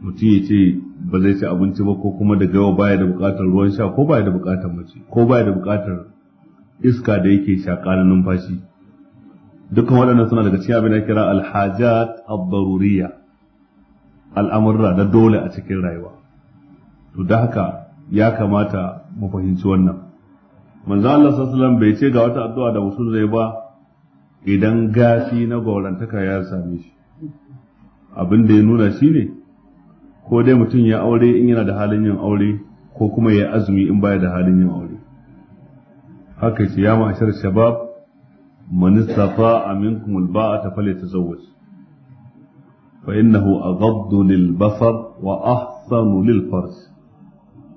mutum ya ce ba zai ci abinci ba ko kuma daga yau baya da bukatar ruwan sha ko baya da bukatar mace ko baya da bukatar iska da yake shaƙa na numfashi dukkan waɗannan suna daga cikin abin da kira alhajat Abbaruriya. al'amurra da dole a cikin rayuwa to da haka ya kamata mu fahimci wannan manzo Allah sallallahu alaihi wasallam bai ce ga wata addu'a da mutum zai ba idan gashi na gwaurantaka ya same shi abin da ya nuna shi ne ko dai mutum ya aure in yana da halin yin aure ko kuma ya azumi in baya da halin yin aure haka shi ya ma'ashar shabab man istafa aminkum ta falyatazawwaj fa innahu aghaddu lil basar wa ahsanu lil fars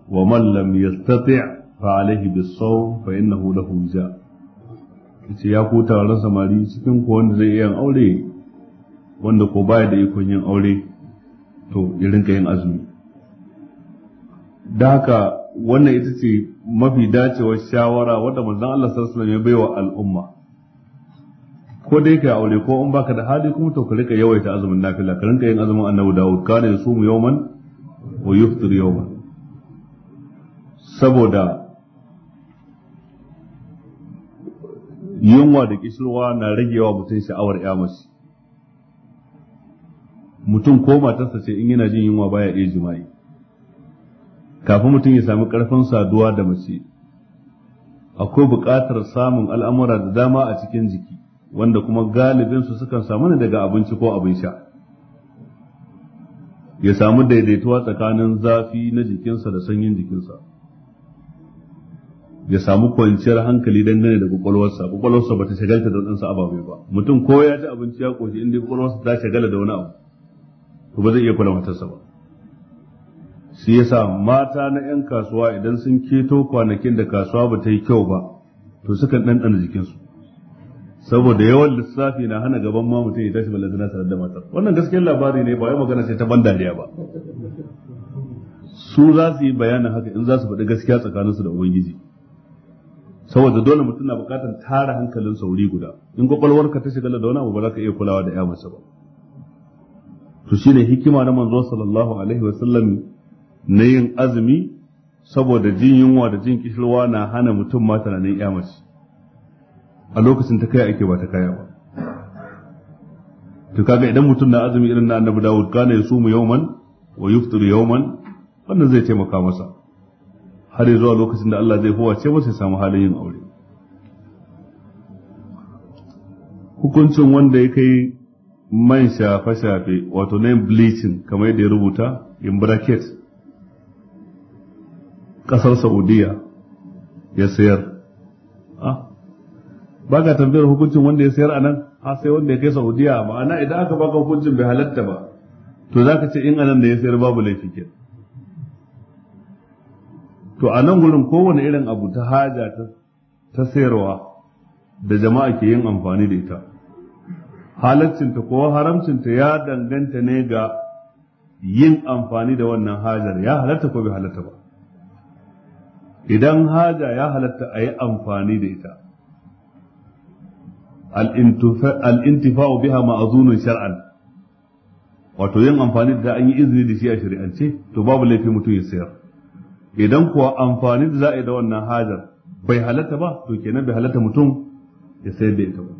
wa man lam yastati' fa alayhi bis sawm fa innahu lahu wija' yace ya ko taron samari cikin ko wanda zai iya aure wanda ko baya da ikon yin aure to ya rinka yin azumi da haka wannan ita ce mafi dacewar shawara wadda manzon Allah sallallahu alaihi wasallam ya baiwa al'umma ko dai ka aure ko in baka da hali kuma to ka rika yawaita azumin nafila ka rinka yin azumin annabi Dawud kana mu yawman wa yuftir yawman saboda yunwa da kishirwa na ragewa mutum sha'awar ya mace mutum ko matarsa ce in yana jin yunwa baya iya jima'i kafin mutum ya sami karfin saduwa da mace akwai buƙatar samun al'amura da dama a cikin jiki wanda kuma galibinsu sukan samu ne daga abinci ko abin sha ya samu daidaituwa tsakanin zafi na jikinsa da sanyin jikinsa ya samu kwanciyar hankali dangane da kwakwalwarsa kwakwalwarsa ba ta shagalta da wadansu ababe ba mutum ko ya ci abinci ya koshi inda kwakwalwarsa ta shagala da wani abu to ba zai iya kula matarsa ba shi yasa mata na yan kasuwa idan sun keto kwanakin da kasuwa ba ta yi kyau ba to sukan ɗanɗana jikinsu saboda yawan lissafi na hana gaban ma mutum ya tashi ballantana tare da matar wannan gaskiyar labari ne ba wai magana sai ta ban dariya ba su za su yi bayanin haka in za su faɗi gaskiya tsakaninsu da ubangiji saboda dole mutum na bukatar tara hankalin sauri guda in kwakwalwarka ta shiga da wani ba za ka iya kulawa da ya mace ba to shine hikima na manzo sallallahu alaihi wa sallam na yin azumi saboda jin yunwa da jin kishirwa na hana mutum ma tunanin ya mace a lokacin ta kai ake ba ta kaya ba to kaga idan mutum na azumi irin na annabi Dawud kana yusumu yawman wa yuftiru yawman wannan zai taimaka masa har zuwa lokacin da Allah zai huwace masa ya samu halin yin aure hukuncin wanda ya kai man shafe-shafe wato na bleaching kamar yadda ya rubuta in bracket kasar saudiya ya sayar ah, ba ka tambayar hukuncin wanda ya sayar a nan a sai wanda ya kai saudiya ma'ana idan aka baka hukuncin bai halatta ba to za ka ce in anan da ya sayar babu laifi kenan to a nan gurin kowane irin abu ta haja ta sayarwa da jama'a ke yin amfani da ita halaccinta ko haramcinta ya danganta ne ga yin amfani da wannan hajar ya halatta ko bai halatta ba idan haja ya halatta a yi amfani da ita al'intifa'u biha ma'azunin shar'an wato yin amfani da an yi izini da shi a shari'ance to babu laifin mutum ya sayar idan kuwa amfani da za a yi da wannan hajar bai halatta ba to kenan bai halatta mutum ya sai bai ta ba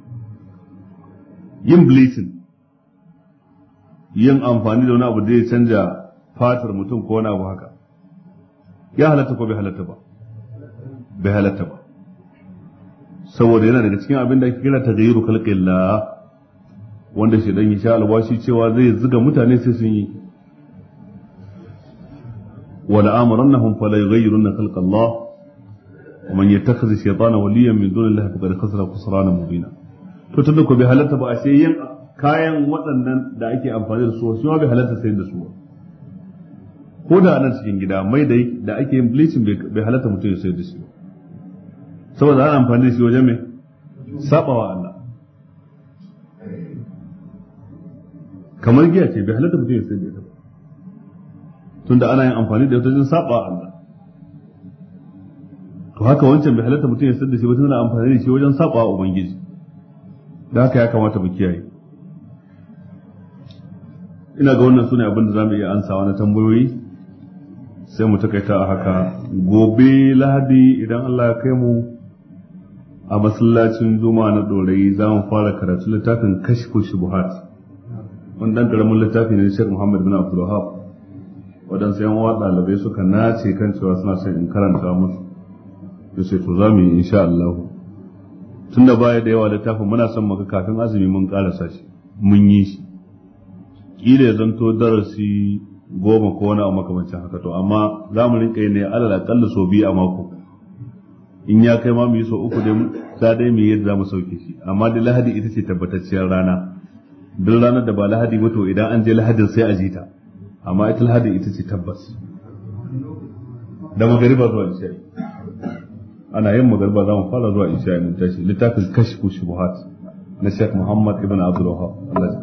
yin bleaching yin amfani da wani abu da ya canja fatar mutum ko wani abu haka ya halatta ko bai halatta ba bai halatta ba saboda yana daga cikin abin da ake kira tagayyuru khalqillah wanda shi dan ya sha cewa zai zuga mutane sai sun yi ولآمرنهم فلا يغيرن خلق الله ومن يتخذ الشيطان وليا من دون الله فقد خسر خسرانا مبينا to tunda ko bai halatta ba ashe yin kayan waɗannan da ake amfani da su shi ma bai halatta sayar da su ko da nan cikin gida mai dai, da ake yin bleaching bai halatta mutum ya sayar da shi saboda ana amfani da shi wajen mai sabawa Allah kamar giya ce bai halatta mutum ya sayar da ita tunda ana yin amfani da wata jin saba Allah to haka wancan bai halatta mutum ya sadda shi ba tunda amfani da shi wajen saba ubangiji da haka ya kamata mu kiyaye ina ga wannan sune abin da zamu iya ansawa na tambayoyi sai mu takaita a haka gobe lahadi idan Allah ya kai mu a masallacin zuma na dorayi za mu fara karatu littafin kashfu shubuhat wannan karamin littafi ne Sheikh Muhammad bin Abdul Wahhab waɗansu yan uwa ɗalibai suka nace kan cewa suna son in karanta musu ya ce to za mu yi insha Allah tun da baya da yawa littafin muna son maka kafin azumi mun karasa shi mun yi shi kila ya zanto darasi goma ko wani abu makamancin haka to amma za mu rinka yi ne alal sau biyu a mako in ya kai ma mu yi sau uku dai ta dai mu yi yadda za mu sauke shi amma da lahadi ita ce tabbatacciyar rana duk ranar da ba lahadi ba to idan an je lahadin sai a ji ta amma ita lahadi ita ce tabbas da magariba zuwa isha'i ana yin magariba za mu fara zuwa isha'i mun tashi littafin kashfu shubuhat na Sheikh Muhammad ibn Abdul Wahhab Allah